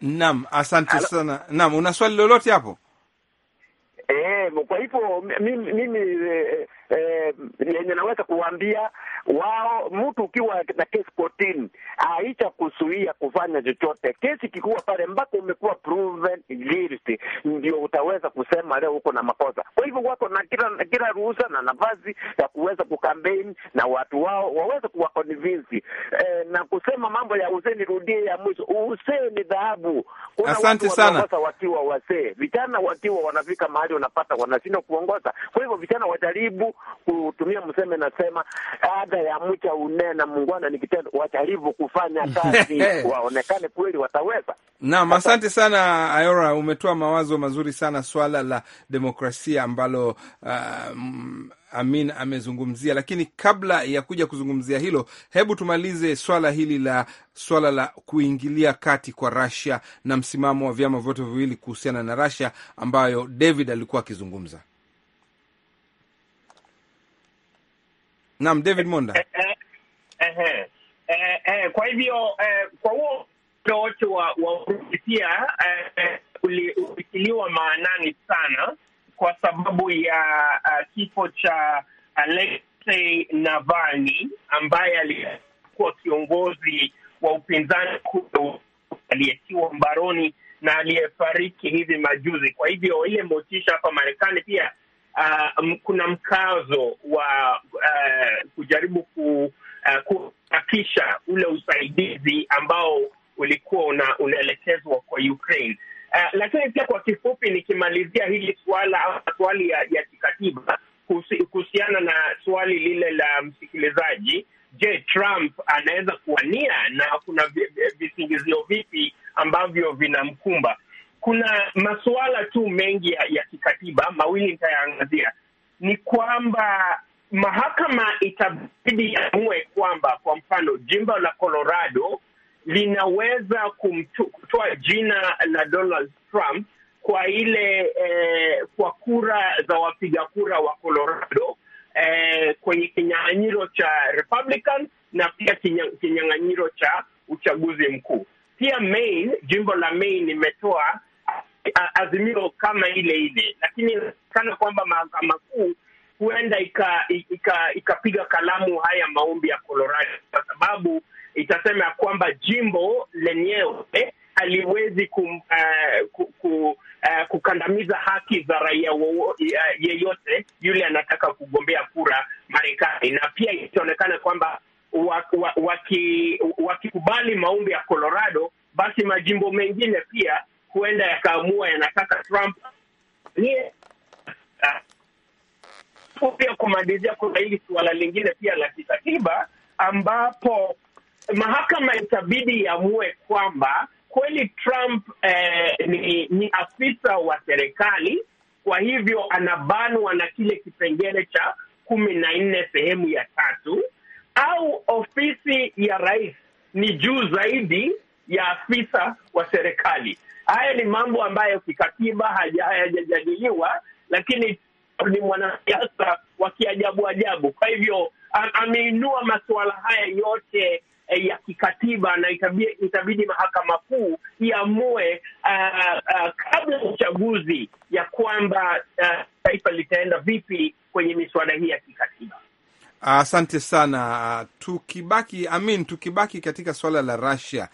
Naam, asante sana. Naam, una swali lolote hapo? E, kwa hivyo mimi, mimi eh, e, Eh, yenye eh, naweza kuwambia wao, mtu ukiwa na kesi kotini haicha kusuia kufanya chochote. Kesi ikikuwa pale mpaka umekuwa proven guilty, ndio utaweza kusema leo uko na makosa. Kwa hivyo wako na kila kila ruhusa na nafasi ya kuweza kukampeni na watu wao waweze kuwakonvinsi eh, na kusema mambo ya useni. Rudie ya mwisho, ni dhahabu. Kuna asante watu sana wakiwa wasee, vijana wakiwa wanafika mahali wanapata wanashindwa kuongoza. Kwa hivyo vijana wajaribu kutumia mseme, nasema ada ya mcha unena mungwana ni kitendo, wajaribu kufanya kazi waonekane kweli wataweza. Naam, asante sana Ayora, umetoa mawazo mazuri sana swala la demokrasia ambalo uh, Amin amezungumzia, lakini kabla ya kuja kuzungumzia hilo, hebu tumalize swala hili la swala la kuingilia kati kwa Russia na msimamo wa vyama vyote viwili kuhusiana na Russia ambayo David alikuwa akizungumza. Naam, David Monda. Eh, eh, eh, eh, eh, kwa hivyo eh, kwa huo muda wote wa Urusi pia eh, ulitiliwa maanani sana kwa sababu ya uh, kifo cha Alexei Navalny ambaye alikuwa kiongozi wa upinzani kule aliyetiwa mbaroni na aliyefariki hivi majuzi. Kwa hivyo ile motisha hapa Marekani pia uh, kuna mkazo wa uh, kujaribu ku uh, kuharakisha ule usaidizi ambao ulikuwa una, unaelekezwa kwa Ukraine. Uh, lakini pia kwa kifupi nikimalizia hili suala au swali ya, ya kikatiba kuhusiana na swali lile la msikilizaji, je, Trump anaweza kuwania na kuna visingizio vipi ambavyo vinamkumba? kuna masuala tu mengi ya, ya kikatiba mawili nitayaangazia. Ni kwamba mahakama itabidi amue kwamba kwa mfano jimbo la Colorado linaweza kutoa jina la Donald Trump kwa ile eh, kwa kura za wapiga kura wa Colorado eh, kwenye kinyang'anyiro cha Republican na pia kinyang'anyiro cha uchaguzi mkuu. Pia Maine, jimbo la Maine imetoa azimio kama ile ile, lakini inaonekana kwamba mahakama kuu huenda ikapiga ika, ika kalamu haya maombi ya Colorado kwa sababu itasema ya kwamba jimbo lenyewe haliwezi kum, uh, ku, ku, uh, kukandamiza haki za raia yeyote yule anataka kugombea kura Marekani, na pia itaonekana kwamba wakikubali wa, wa maombi ya Colorado, basi majimbo mengine pia huenda yakaamua yanataka Trump yeah. pia kumalizia, kuna hili suala lingine pia la kikatiba ambapo mahakama itabidi iamue kwamba kweli Trump eh, ni, ni afisa wa serikali, kwa hivyo anabanwa na kile kipengele cha kumi na nne sehemu ya tatu, au ofisi ya rais ni juu zaidi ya afisa wa serikali. Haya ni mambo ambayo kikatiba hayajajadiliwa, lakini ni mwanasiasa wa kiajabu ajabu. Kwa hivyo ameinua masuala haya yote eh, ya kikatiba na itabidi, itabidi mahakama kuu iamue uh, uh, kabla ya uchaguzi ya kwamba uh, taifa litaenda vipi kwenye miswada hii ya kikatiba. Asante sana. Tukibaki Amin, tukibaki katika suala la Russia,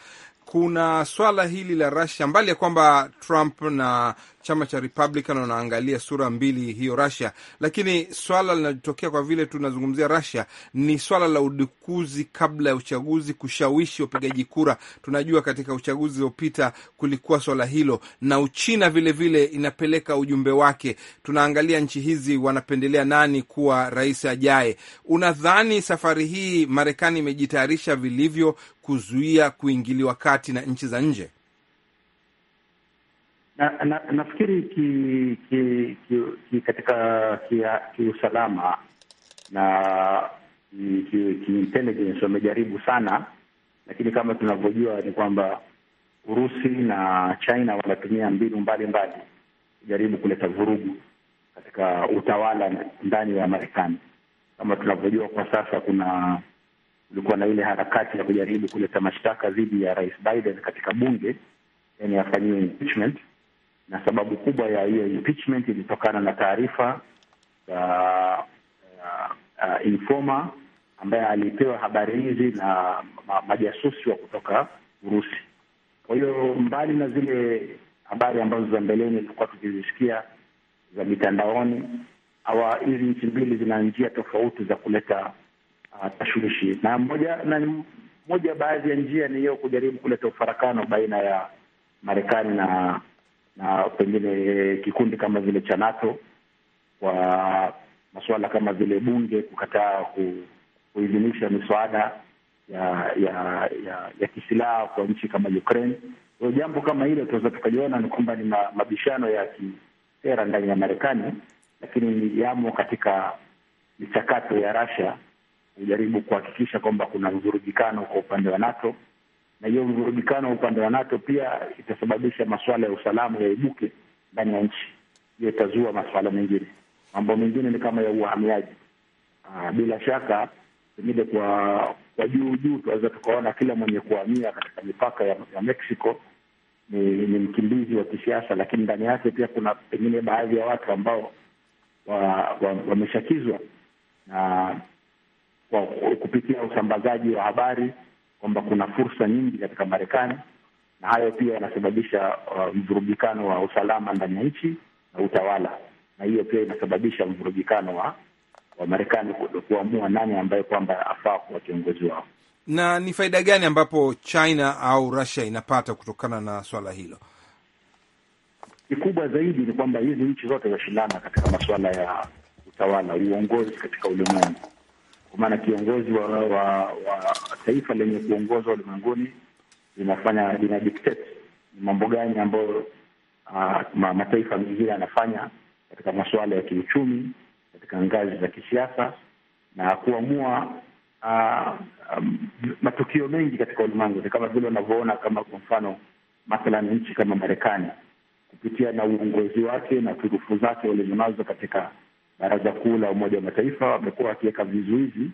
kuna swala hili la Russia, mbali ya kwamba Trump na chama cha Republican wanaangalia sura mbili hiyo Russia, lakini swala linalotokea kwa vile tunazungumzia Russia ni swala la udukuzi kabla ya uchaguzi, kushawishi wapigaji kura. Tunajua katika uchaguzi uliopita kulikuwa swala hilo, na Uchina vilevile vile inapeleka ujumbe wake. Tunaangalia nchi hizi wanapendelea nani kuwa rais ajaye. Unadhani safari hii Marekani imejitayarisha vilivyo kuzuia kuingiliwa kati na nchi za nje? na, na, nafikiri ki, ki, ki, ki katika kiusalama ki na kiintelligence ki wamejaribu sana, lakini kama tunavyojua ni kwamba Urusi na China wanatumia mbinu mbalimbali kujaribu kuleta vurugu katika utawala ndani ya Marekani. Kama tunavyojua kwa sasa, kuna kulikuwa na ile harakati ya kujaribu kuleta mashtaka dhidi ya Rais Biden katika bunge, yani afanyiwe impeachment na sababu kubwa ya hiyo impeachment ilitokana na taarifa ya uh, uh, informa ambaye alipewa habari hizi na majasusi wa kutoka Urusi. Kwa hiyo mbali na zile habari ambazo za mbeleni tulikuwa tukizisikia za mitandaoni, hawa hizi nchi mbili zina njia tofauti za kuleta uh, tashwishi, na moja na moja baadhi ya njia ni hiyo kujaribu kuleta ufarakano baina ya Marekani na na pengine kikundi kama vile cha NATO kwa masuala kama vile bunge kukataa kuidhinisha miswada ya ya ya, ya kisilaha kwa nchi kama Ukraine. Kwa jambo kama hilo tunaweza tukaliona ni kwamba ni mabishano ya kisera ndani ya Marekani, lakini yamo katika michakato ya Russia kujaribu kuhakikisha kwamba kuna mvurugikano kwa upande wa NATO na hiyo mvurugikano upande wa NATO pia itasababisha masuala ya usalama yaibuke ndani ya nchi. Hiyo itazua masuala mengine. Mambo mengine ni kama ya uhamiaji. Aa, ah, bila shaka pengine kwa kwa juu juu tunaweza tukaona kila mwenye kuhamia katika mipaka ya, ya Mexico ni, ni mkimbizi wa kisiasa, lakini ndani yake pia kuna pengine baadhi ya watu ambao wameshakizwa wa, wa na kwa kupitia usambazaji wa habari kwamba kuna fursa nyingi katika Marekani, na hayo pia yanasababisha uh, mvurugikano wa usalama ndani ya nchi na utawala, na hiyo pia inasababisha mvurugikano wa wa Marekani kuamua nani ambaye kwamba afaa kuwa kiongozi wao. Na ni faida gani ambapo China au Russia inapata kutokana na swala hilo? Kikubwa zaidi ni kwamba hizi nchi zote zashindana katika masuala ya utawala, uongozi katika ulimwengu kwa maana kiongozi wa, wa, wa taifa lenye kuongozwa ulimwenguni linafanya lina dictate ni mambo gani ambayo ah, ma, mataifa mengine yanafanya katika masuala ya kiuchumi, katika ngazi za kisiasa na kuamua uh, um, matukio mengi katika ulimwengu. Ni kama vile unavyoona, kama kwa mfano mathalan nchi kama Marekani kupitia na uongozi wake na turufu zake walizonazo katika Baraza Kuu la Umoja wa Mataifa wamekuwa wakiweka vizuizi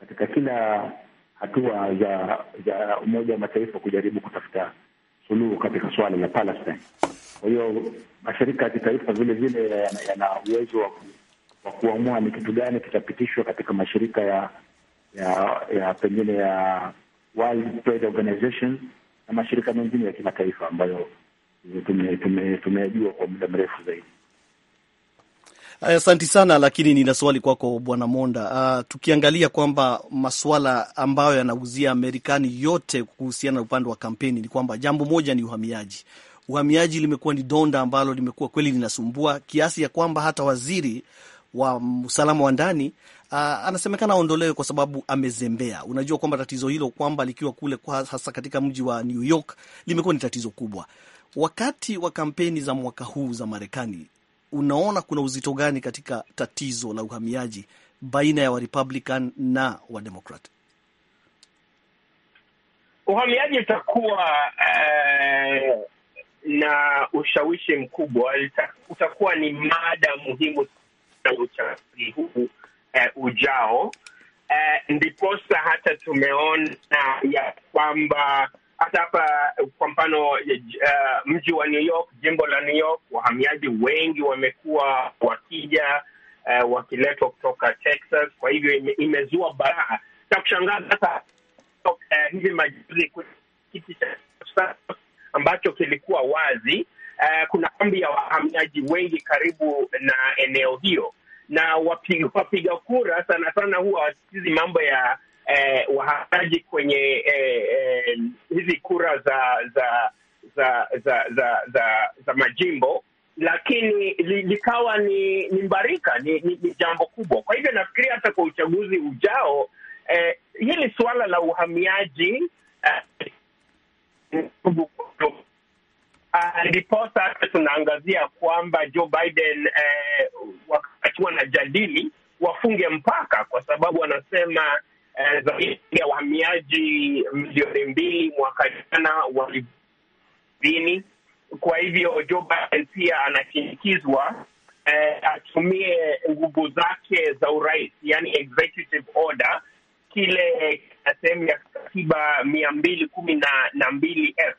katika kila hatua za za Umoja wa Mataifa kujaribu kutafuta suluhu katika suala la Palestine. Kwa hiyo mashirika ya kitaifa vile vile yana uwezo wa kuamua ni kitu gani kitapitishwa katika mashirika ya ya ya pengine ya World Trade Organization na mashirika mengine ya kimataifa ambayo tumejua tume, tume kwa muda mrefu zaidi. Eh, asanti sana, lakini nina swali kwako Bwana Monda. Uh, tukiangalia kwamba maswala ambayo yanauzia amerikani yote kuhusiana na upande wa kampeni ni kwamba jambo moja ni uhamiaji. Uhamiaji limekuwa ni donda ambalo limekuwa kweli linasumbua kiasi ya kwamba hata waziri wa usalama wa ndani uh, anasemekana aondolewe kwa sababu amezembea. Unajua kwamba tatizo hilo kwamba likiwa kule kwa hasa katika mji wa New York limekuwa ni tatizo kubwa wakati wa kampeni za mwaka huu za Marekani unaona kuna uzito gani katika tatizo la uhamiaji baina ya Warepublican na Wademokrat? Uhamiaji utakuwa uh, na ushawishi mkubwa, utakuwa ni mada muhimu na uchaguzi huu uh, ujao. Uh, ndiposa hata tumeona ya kwamba hata hapa kwa mfano uh, mji wa New York, jimbo la New York, wahamiaji wengi wamekuwa wakija uh, wakiletwa kutoka Texas. Kwa hivyo ime, imezua baraa cha kushangaza sasa. Uh, eh, hivi majuzi kiti cha ambacho kilikuwa wazi uh, kuna kambi ya wahamiaji wengi karibu na eneo hiyo, na wapiga kura sana sana huwa wasikizi mambo ya eh, wahamiaji kwenye eh, eh, hizi kura za za za za za, za, za majimbo, lakini li, likawa ni ni mbarika ni, ni, ni jambo kubwa. Kwa hivyo nafikiria hata kwa uchaguzi ujao eh, hili suala la uhamiaji eh, ndiposa eh, hata tunaangazia kwamba Joe Biden eh, wakati wanajadili wafunge mpaka, kwa sababu wanasema eh, zaidi ya wahamiaji milioni mbili mwaka jana walini. Kwa hivyo Joe Biden pia anashinikizwa eh, atumie nguvu zake za urais, yani executive order kile sehemu ya katiba mia mbili kumi na na mbili f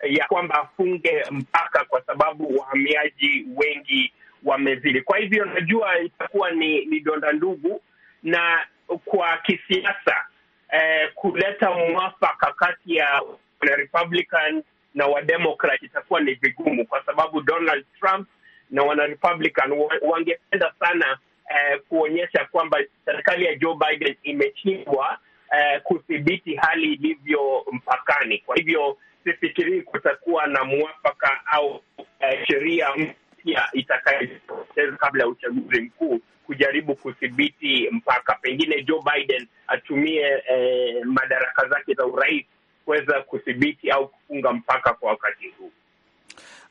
eh, ya kwamba afunge mpaka kwa sababu wahamiaji wengi wamezidi. Kwa hivyo najua itakuwa ni, ni donda ndugu na kwa kisiasa eh, kuleta mwafaka kati ya na Republican na Wademokrat itakuwa ni vigumu, kwa sababu Donald Trump na Wanarepublican wangependa sana eh, kuonyesha kwamba serikali ya Joe Biden imeshindwa eh, kudhibiti hali ilivyo mpakani. Kwa hivyo sifikirii kutakuwa na mwafaka au eh, sheria Rusia itakayejitokeza kabla ya uchaguzi mkuu kujaribu kudhibiti mpaka pengine Joe Biden atumie eh, madaraka zake za urais kuweza kudhibiti au kufunga mpaka kwa wakati huu.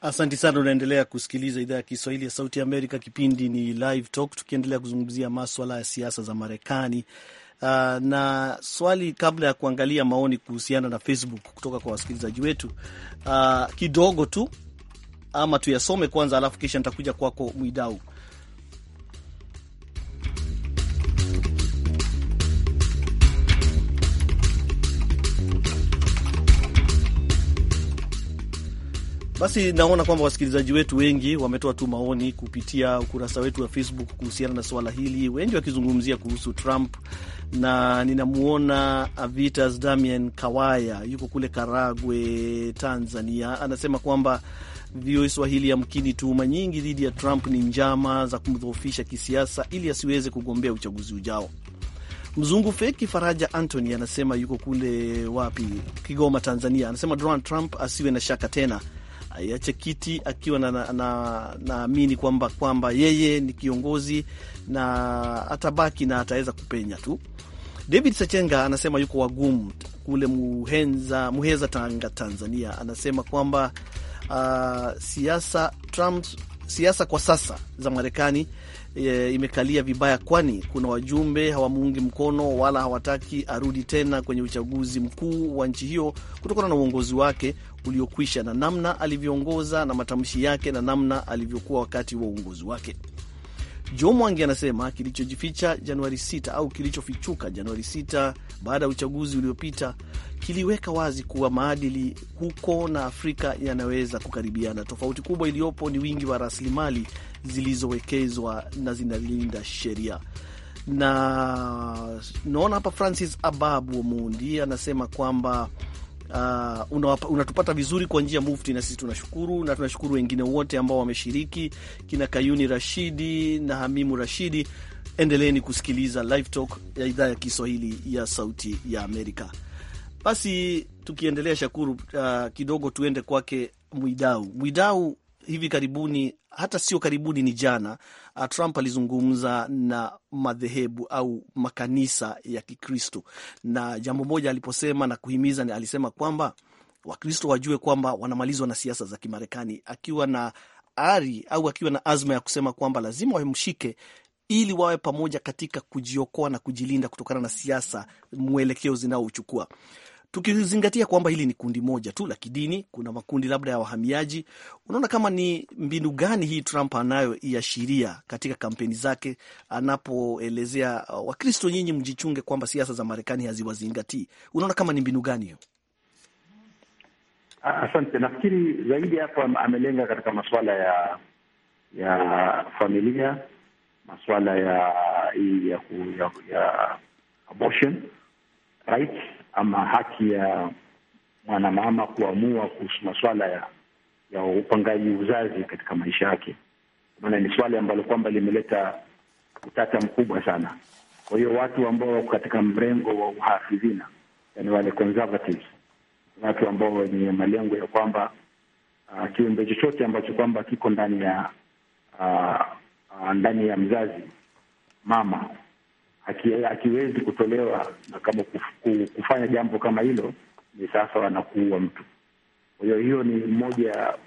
asanti sana. Unaendelea kusikiliza idhaa ya Kiswahili ya Sauti ya Amerika. Kipindi ni Live Talk, tukiendelea kuzungumzia maswala ya siasa za Marekani. Uh, na swali kabla ya kuangalia maoni kuhusiana na Facebook kutoka kwa wasikilizaji wetu uh, kidogo tu ama tuyasome kwanza, alafu kisha nitakuja kwako Mwidau. Basi naona kwamba wasikilizaji wetu wengi wametoa tu maoni kupitia ukurasa wetu wa Facebook kuhusiana na suala hili, wengi wakizungumzia kuhusu Trump na ninamwona Avitas Damian Kawaya yuko kule Karagwe, Tanzania, anasema kwamba VOA Swahili yamkini tuhuma nyingi dhidi ya Trump ni njama za kumdhoofisha kisiasa ili asiweze kugombea uchaguzi ujao. Mzungu feki Faraja Anthony anasema yuko kule wapi, Kigoma, Tanzania. Anasema Donald Trump asiwe na shaka tena, aiache kiti akiwa naamini na, na kwamba kwamba yeye ni kiongozi na atabaki na ataweza kupenya tu. David Sachenga anasema yuko wagumu kule Muheza, Muheza, Tanga, Tanzania. Anasema kwamba uh, siasa Trump siasa kwa sasa za Marekani e, imekalia vibaya, kwani kuna wajumbe hawamuungi mkono wala hawataki arudi tena kwenye uchaguzi mkuu wa nchi hiyo kutokana na uongozi wake uliokwisha na namna alivyoongoza na matamshi yake na namna alivyokuwa wakati wa uongozi wake. Jo Mwangi anasema kilichojificha Januari 6 au kilichofichuka Januari 6 baada ya uchaguzi uliopita kiliweka wazi kuwa maadili huko na Afrika yanaweza kukaribiana. Tofauti kubwa iliyopo ni wingi wa rasilimali zilizowekezwa na zinalinda sheria na naona hapa Francis Ababu Mundi anasema kwamba uh, unatupata una vizuri kwa njia Mufti, na sisi tunashukuru na tunashukuru wengine wote ambao wameshiriki, kina Kayuni Rashidi na Hamimu Rashidi. Endeleeni kusikiliza Live Talk ya idhaa ya Kiswahili ya Sauti ya Amerika. Basi tukiendelea, Shakuru, uh, kidogo tuende kwake Mwidau. Mwidau, hivi karibuni, hata sio karibuni, ni jana, uh, Trump alizungumza na madhehebu au makanisa ya Kikristo, na jambo moja aliposema na kuhimiza, ni alisema kwamba Wakristo wajue kwamba wanamalizwa na siasa za Kimarekani, akiwa na ari au akiwa na azma ya kusema kwamba lazima wamshike ili wawe pamoja katika kujiokoa na kujilinda kutokana na siasa mwelekeo zinaouchukua tukizingatia kwamba hili ni kundi moja tu la kidini, kuna makundi labda ya wahamiaji. Unaona kama ni mbinu gani hii Trump anayoiashiria katika kampeni zake anapoelezea uh, Wakristo, nyinyi mjichunge kwamba siasa za Marekani haziwazingatii? Unaona kama ni mbinu gani hiyo? Asante. Nafikiri zaidi hapa amelenga katika masuala ya ya familia, masuala ya ya, ya, ya abortion ama haki ya mwanamama kuamua kuhusu masuala ya ya upangaji uzazi katika maisha yake, maana ni swala ambalo kwamba limeleta utata mkubwa sana. Kwa hiyo watu ambao wako katika mrengo wa uhafidhina, yani wale conservatives, watu ambao wenye malengo ya kwamba uh, kiumbe chochote ambacho kwamba kiko ndani ya uh, uh, ndani ya mzazi mama akiwezi kutolewa, na kama kufanya jambo kama hilo ni sasa wanakuua mtu. Kwa hiyo hiyo ni moja ya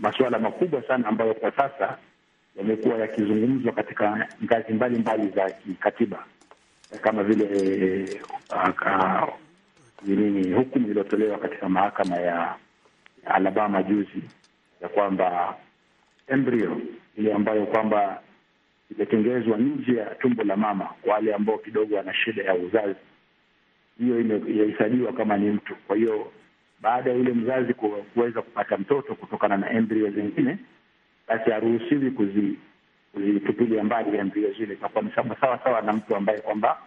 masuala makubwa sana ambayo kwa sasa yamekuwa yakizungumzwa katika ngazi mbalimbali za kikatiba kama vile eh, ah, nini, hukumu iliyotolewa katika mahakama ya Alabama juzi ya kwamba embryo ile ambayo kwamba imetengezwa nje ya tumbo la mama kwa wale ambao kidogo wana shida ya uzazi. Hiyo imehesabiwa kama ni mtu. Kwa hiyo baada ya yule mzazi kuweza kupata mtoto kutokana na embrio zingine, basi haruhusiwi kuzi kuzitupilia mbali embrio zile, itakuwa ni sawa sawa na mtu ambaye kwamba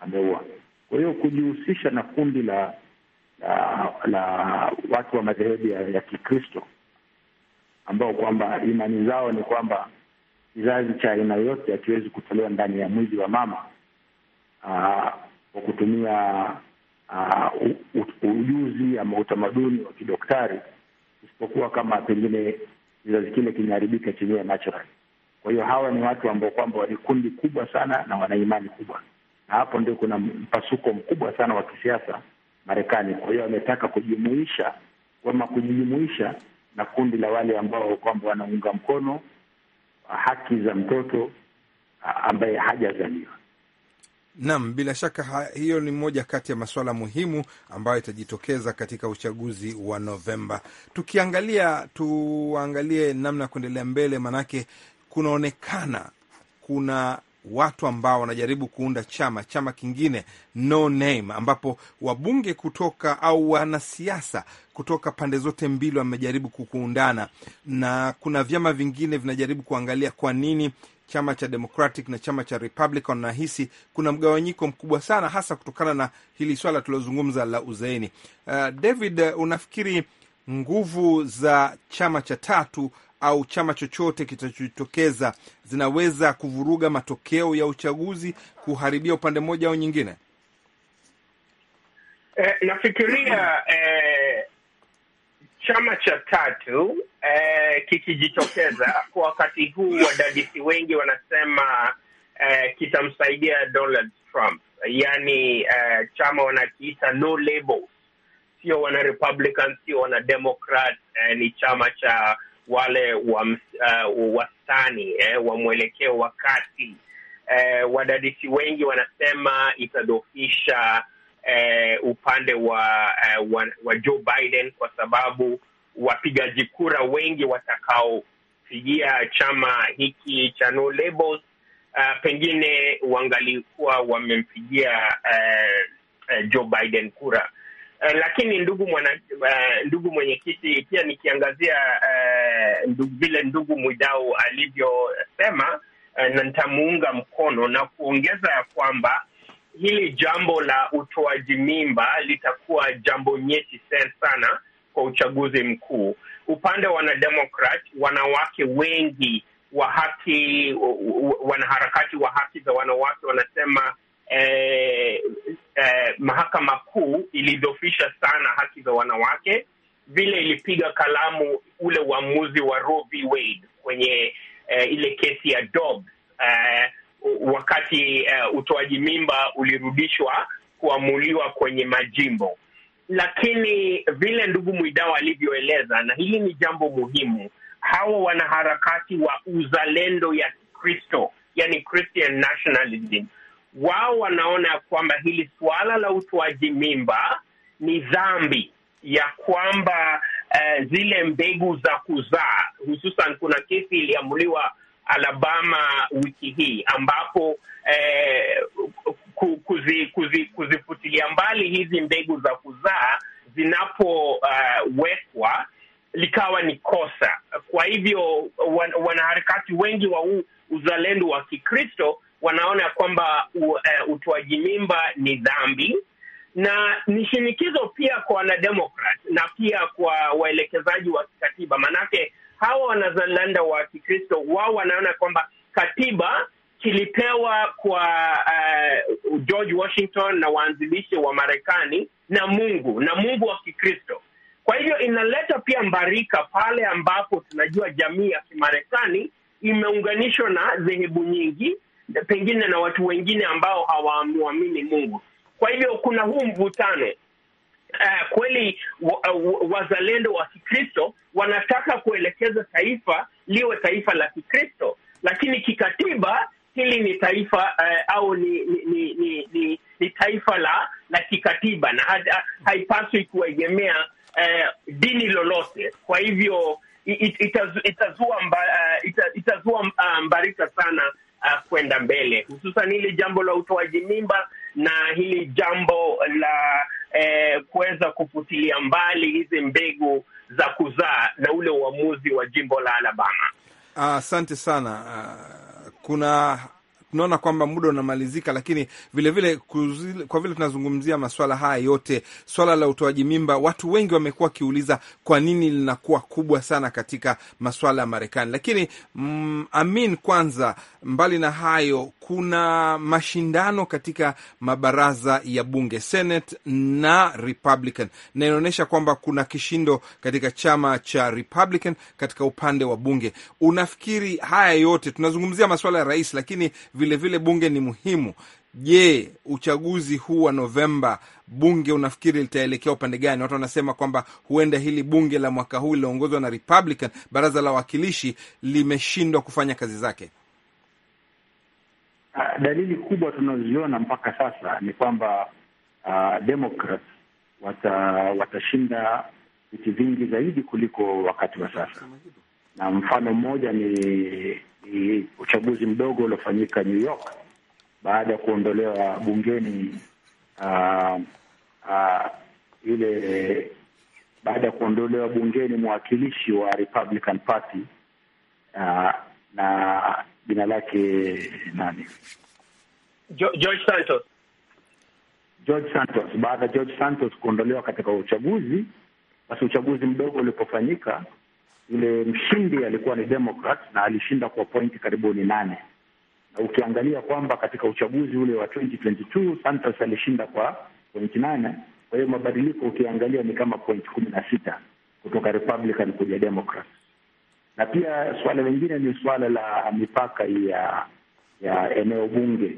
ameua. Kwa hiyo kujihusisha na kundi la la, la watu wa madhehebu ya, ya Kikristo ambao kwamba imani zao ni kwamba kizazi cha aina yote hakiwezi kutolewa ndani ya mwili wa mama ah, kwa kutumia ah, ujuzi ama utamaduni wa kidoktari isipokuwa kama pengine kizazi kile kimeharibika chenyewe naturally. Kwa hiyo hawa ni watu ambao kwamba wali kundi kubwa sana na wana imani kubwa, na hapo ndio kuna mpasuko mkubwa sana wa kisiasa Marekani. Kwa hiyo wametaka kujumuisha ama kujijumuisha na kundi la wale ambao kwamba wanaunga mkono haki za mtoto ambaye hajazaliwa. Naam, bila shaka hiyo ni moja kati ya masuala muhimu ambayo itajitokeza katika uchaguzi wa Novemba. Tukiangalia, tuangalie namna ya kuendelea mbele, maanake kunaonekana kuna watu ambao wanajaribu kuunda chama chama kingine no name, ambapo wabunge kutoka au wanasiasa kutoka pande zote mbili wamejaribu kukuundana, na kuna vyama vingine vinajaribu kuangalia kwa nini chama cha Democratic na chama cha Republican nahisi kuna mgawanyiko mkubwa sana, hasa kutokana na hili swala tuliozungumza la uzeeni. Uh, David, uh, unafikiri nguvu za chama cha tatu au chama chochote kitachojitokeza zinaweza kuvuruga matokeo ya uchaguzi, kuharibia upande mmoja au nyingine? Eh, nafikiria eh, chama cha tatu eh, kikijitokeza kwa wakati huu, wadadisi wengi wanasema eh, kitamsaidia Donald Trump, yaani eh, chama wanakiita no labels, sio wana Republican, sio wana Democrat, eh, ni chama cha wale wa uh, wastani eh, wa mwelekeo wa kati eh, wadadisi wengi wanasema itadofisha eh, upande wa, eh, wa wa Joe Biden kwa sababu wapigaji kura wengi watakaopigia chama hiki cha No Labels uh, pengine wangalikuwa wamempigia uh, uh, Joe Biden kura. Uh, lakini ndugu mwana, uh, ndugu mwenyekiti, pia nikiangazia uh, vile ndugu Mwidau alivyosema uh, na nitamuunga mkono na kuongeza ya kwamba hili jambo la utoaji mimba litakuwa jambo nyeti sana kwa uchaguzi mkuu. Upande wa wanademokrat, wanawake wengi wa haki, wanaharakati wa haki za wanawake wanasema eh, eh, mahakama kuu ilidhofisha sana haki za wanawake vile ilipiga kalamu ule uamuzi wa Roe v. Wade kwenye eh, ile kesi ya Dobbs eh, wakati eh, utoaji mimba ulirudishwa kuamuliwa kwenye majimbo. Lakini vile ndugu mwidao alivyoeleza, na hili ni jambo muhimu, hawa wanaharakati wa uzalendo ya Kristo, yani Christian nationalism wao wanaona kwamba hili suala la utoaji mimba ni dhambi ya kwamba uh, zile mbegu za kuzaa hususan, kuna kesi iliamuliwa Alabama wiki hii ambapo eh, kuzi, kuzi, kuzifutilia mbali hizi mbegu za kuzaa zinapowekwa eh, uh, likawa ni kosa. Kwa hivyo wanaharakati wengi wa uzalendo wa Kikristo wanaona kwamba eh, utoaji mimba ni dhambi na ni shinikizo pia kwa wanademokrat na pia kwa waelekezaji wa kikatiba, maanake hawa wanazalanda wa Kikristo wao wanaona kwamba katiba kilipewa kwa uh, George Washington na waanzilishi wa Marekani na Mungu na Mungu wa Kikristo. Kwa hivyo inaleta pia mbarika pale ambapo tunajua jamii ya Kimarekani imeunganishwa na dhehebu nyingi pengine na watu wengine ambao hawamwamini Mungu. Kwa hivyo kuna huu mvutano uh, kweli wazalendo wa, Kikristo wanataka kuelekeza taifa liwe taifa la Kikristo, lakini kikatiba hili ni taifa uh, au ni ni, ni ni ni ni taifa la la kikatiba na ah, haipaswi kuegemea uh, dini lolote. Kwa hivyo itazua itazua ah, mbarika sana uh, kwenda mbele, hususan hili jambo la utoaji mimba na hili jambo la eh, kuweza kufutilia mbali hizi mbegu za kuzaa na ule uamuzi wa jimbo la Alabama. Asante uh, sana uh, kuna tunaona kwamba muda unamalizika, lakini vilevile vile, kwa vile tunazungumzia maswala haya yote, swala la utoaji mimba, watu wengi wamekuwa wakiuliza kwa nini linakuwa kubwa sana katika maswala ya Marekani. Lakini mm, Amin, kwanza, mbali na hayo, kuna mashindano katika mabaraza ya bunge Senate na Republican, na inaonyesha kwamba kuna kishindo katika chama cha Republican katika upande wa bunge. Unafikiri haya yote tunazungumzia maswala ya rais, lakini vile vilevile vile bunge ni muhimu. Je, uchaguzi huu wa Novemba bunge unafikiri litaelekea upande gani? Watu wanasema kwamba huenda hili bunge la mwaka huu liloongozwa na Republican, baraza la wawakilishi limeshindwa kufanya kazi zake. Ah, dalili kubwa tunaziona mpaka sasa ni kwamba uh, Democrats wata, watashinda viti vingi zaidi kuliko wakati wa sasa na mfano mmoja ni, ni uchaguzi mdogo uliofanyika New York baada ya kuondolewa bungeni uh, ah, uh, ah, ile baada ya kuondolewa bungeni mwakilishi wa Republican Party uh, na jina lake nani, George Santos. George Santos, baada ya George Santos kuondolewa katika uchaguzi, basi uchaguzi mdogo ulipofanyika yule mshindi alikuwa ni Democrat na alishinda kwa pointi karibuni nane, na ukiangalia kwamba katika uchaguzi ule wa 2022 Santos alishinda kwa pointi nane. Kwa hiyo mabadiliko ukiangalia ni kama pointi kumi na sita kutoka Republican kuja Democrat. Na pia suala lingine ni suala la mipaka ya ya eneo bunge.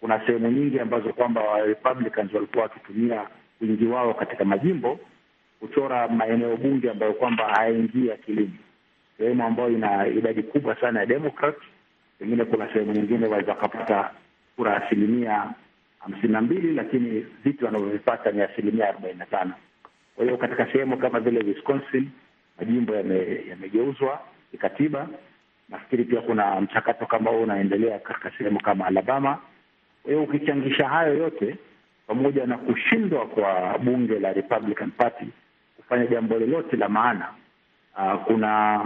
Kuna sehemu nyingi ambazo kwamba Republicans walikuwa wakitumia wingi wao katika majimbo kuchora maeneo bunge ambayo kwamba hayaingia akilini, sehemu ambayo ina idadi kubwa sana ya Demokrat, Pengine kuna sehemu nyingine waweza wakapata kura asilimia hamsini na mbili, lakini viti wanavyovipata ni asilimia arobaini na tano. Kwa hiyo katika sehemu kama vile Wisconsin majimbo yamegeuzwa yame kikatiba. Nafikiri pia kuna mchakato kama huo unaendelea katika sehemu kama Alabama. Kwa hiyo ukichangisha hayo yote pamoja na kushindwa kwa bunge la Republican Party kufanya jambo lolote la maana, uh, kuna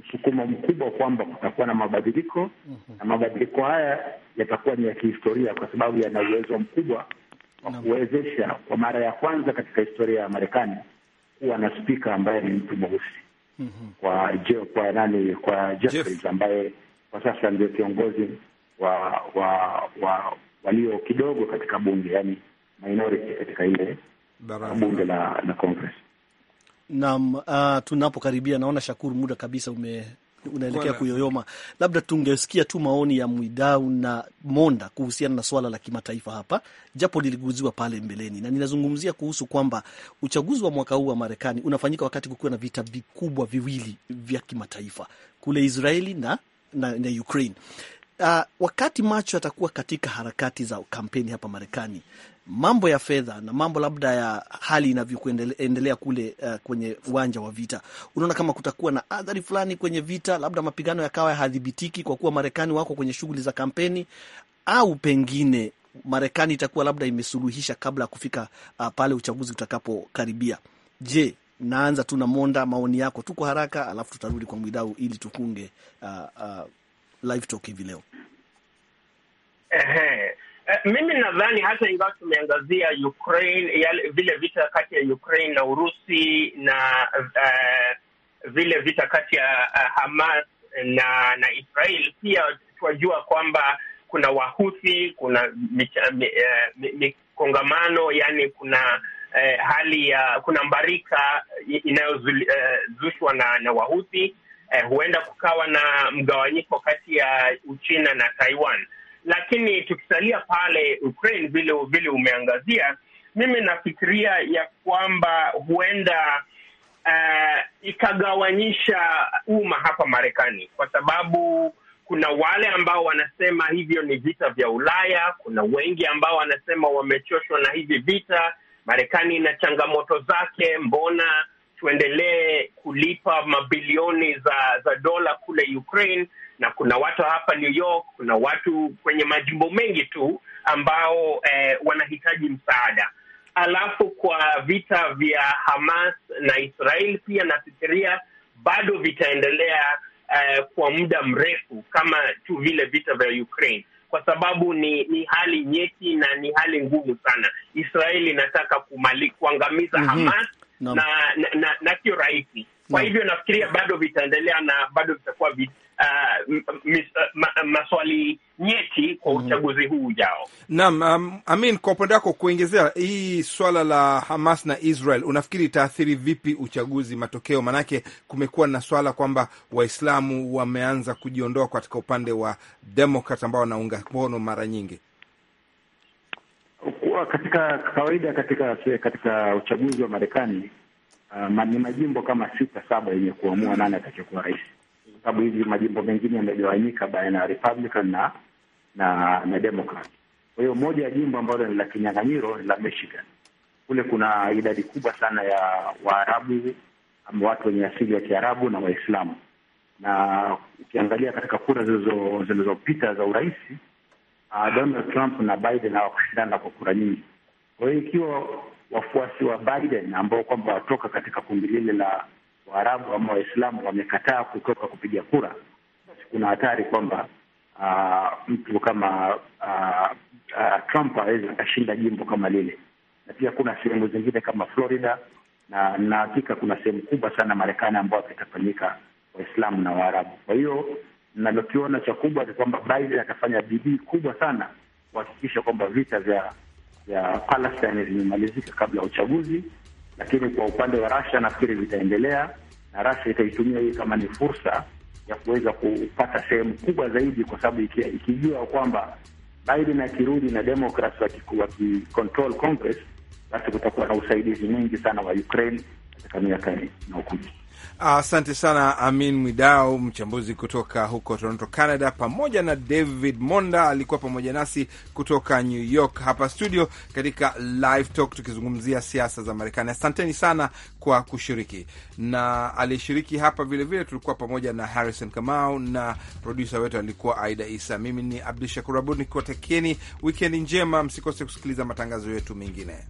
msukumo mkubwa kwamba kutakuwa na mabadiliko mm -hmm. na mabadiliko haya yatakuwa ni ya kihistoria kwa sababu yana uwezo mkubwa wa kuwezesha kwa mara ya kwanza katika historia ya Marekani kuwa na spika ambaye ni mtu mweusi mm -hmm. kwa je, kwa nani, kwa Jeffries Jeff. ambaye kwa sasa ndio kiongozi wa wa, wa walio kidogo katika bunge, yani minority katika ile bunge la, la Congress. Naam, uh, tunapokaribia naona Shakuru, muda kabisa ume unaelekea kuyoyoma, labda tungesikia tu maoni ya Mwidau na Monda kuhusiana na swala la kimataifa hapa, japo liliguziwa pale mbeleni, na ninazungumzia kuhusu kwamba uchaguzi wa mwaka huu wa Marekani unafanyika wakati kukiwa na vita vikubwa viwili vya kimataifa kule Israeli na, na, na Ukraine. Uh, wakati macho atakuwa katika harakati za kampeni hapa Marekani, mambo ya fedha na mambo labda ya hali inavyoendelea kule uh, kwenye uwanja wa vita, unaona kama kutakuwa na athari fulani kwenye vita, labda mapigano yakawa hayadhibitiki kwa kuwa Marekani wako kwenye shughuli za kampeni, au pengine Marekani itakuwa labda imesuluhisha kabla ya kufika uh, pale uchaguzi utakapokaribia. Je, naanza tu na Monda, maoni yako tu kwa haraka, alafu tutarudi kwa Mwidau ili tufunge uh, ah, uh, ah, live talk hivi leo. Ehe, Eh, mimi nadhani hata ingawa tumeangazia Ukraine yale, vile vita kati ya Ukraine na Urusi na uh, vile vita kati ya uh, Hamas na na Israel pia twajua kwamba kuna Wahuthi, kuna mikongamano uh, yani kuna uh, hali ya kuna mbarika inayozushwa uh, na, na Wahuthi uh, huenda kukawa na mgawanyiko kati ya Uchina na Taiwan. Lakini tukisalia pale Ukraine, vile vile umeangazia, mimi nafikiria ya kwamba huenda uh, ikagawanyisha umma hapa Marekani kwa sababu kuna wale ambao wanasema hivyo ni vita vya Ulaya. Kuna wengi ambao wanasema wamechoshwa na hivi vita, Marekani ina changamoto zake, mbona tuendelee kulipa mabilioni za za dola kule Ukraine, na kuna watu hapa New York, kuna watu kwenye majimbo mengi tu ambao eh, wanahitaji msaada. Alafu kwa vita vya Hamas na Israel pia nafikiria bado vitaendelea eh, kwa muda mrefu kama tu vile vita vya Ukraine kwa sababu ni ni hali nyeti na ni hali ngumu sana. Israeli inataka kumali kuangamiza mm -hmm. Hamas na na, na sio rahisi kwa hivyo nafikiria bado vitaendelea na bado vitakuwa vit, uh, uh, ma, uh, maswali nyeti kwa mm. uchaguzi huu ujao. Naam, um, Amin, kwa upande wako kuongezea hii swala la Hamas na Israel, unafikiri itaathiri vipi uchaguzi matokeo? Maanake kumekuwa na swala kwamba Waislamu wameanza kujiondoa katika upande wa Demokrat ambao wanaunga mkono mara nyingi huwa katika kawaida katika katika uchaguzi wa Marekani uh, ni majimbo kama sita saba yenye kuamua nani atachokuwa rais, kwa sababu hivi majimbo mengine yamegawanyika baina ya Republican na na na Democrat. Kwa hiyo moja ya jimbo ambalo ni la kinyang'anyiro ni la Michigan. Kule kuna idadi kubwa sana ya Waarabu ama watu wenye asili ya Kiarabu na Waislamu, na ukiangalia katika kura zilizopita za urais uh, Donald Trump na Biden hawakushindana kwa kura nyingi. Kwa hiyo ikiwa wafuasi wa Biden ambao kwamba watoka katika kundi lile la Waarabu ama Waislamu wamekataa kutoka kupiga kura, basi kuna hatari kwamba uh, mtu kama uh, uh, Trump aweza akashinda jimbo kama lile, na pia kuna sehemu zingine kama Florida na na hakika kuna sehemu kubwa sana Marekani ambayo itafanyika Waislamu na Waarabu. Kwa hiyo nalokiona cha kubwa ni kwamba Biden atafanya bidii kubwa sana kuhakikisha kwamba vita vya vya Palestine vimemalizika kabla ya uchaguzi, lakini kwa upande wa Russia nafikiri vitaendelea na Russia itaitumia hii kama ni fursa ya kuweza kupata sehemu kubwa zaidi, kwa sababu ikijua kwamba Biden akirudi na Democrats wakicontrol Congress, basi kutakuwa na usaidizi mwingi sana wa Ukraine katika miaka inayokuja. Asante uh, sana Amin Mwidau, mchambuzi kutoka huko Toronto, Canada, pamoja na David Monda alikuwa pamoja nasi kutoka New York hapa studio katika Live Talk tukizungumzia siasa za Marekani. Asanteni sana kwa kushiriki, na aliyeshiriki hapa vilevile tulikuwa pamoja na Harrison Kamau na produsa wetu alikuwa Aida Isa. Mimi ni Abdu Shakur Abud nikiwatakieni wikendi njema, msikose kusikiliza matangazo yetu mengine.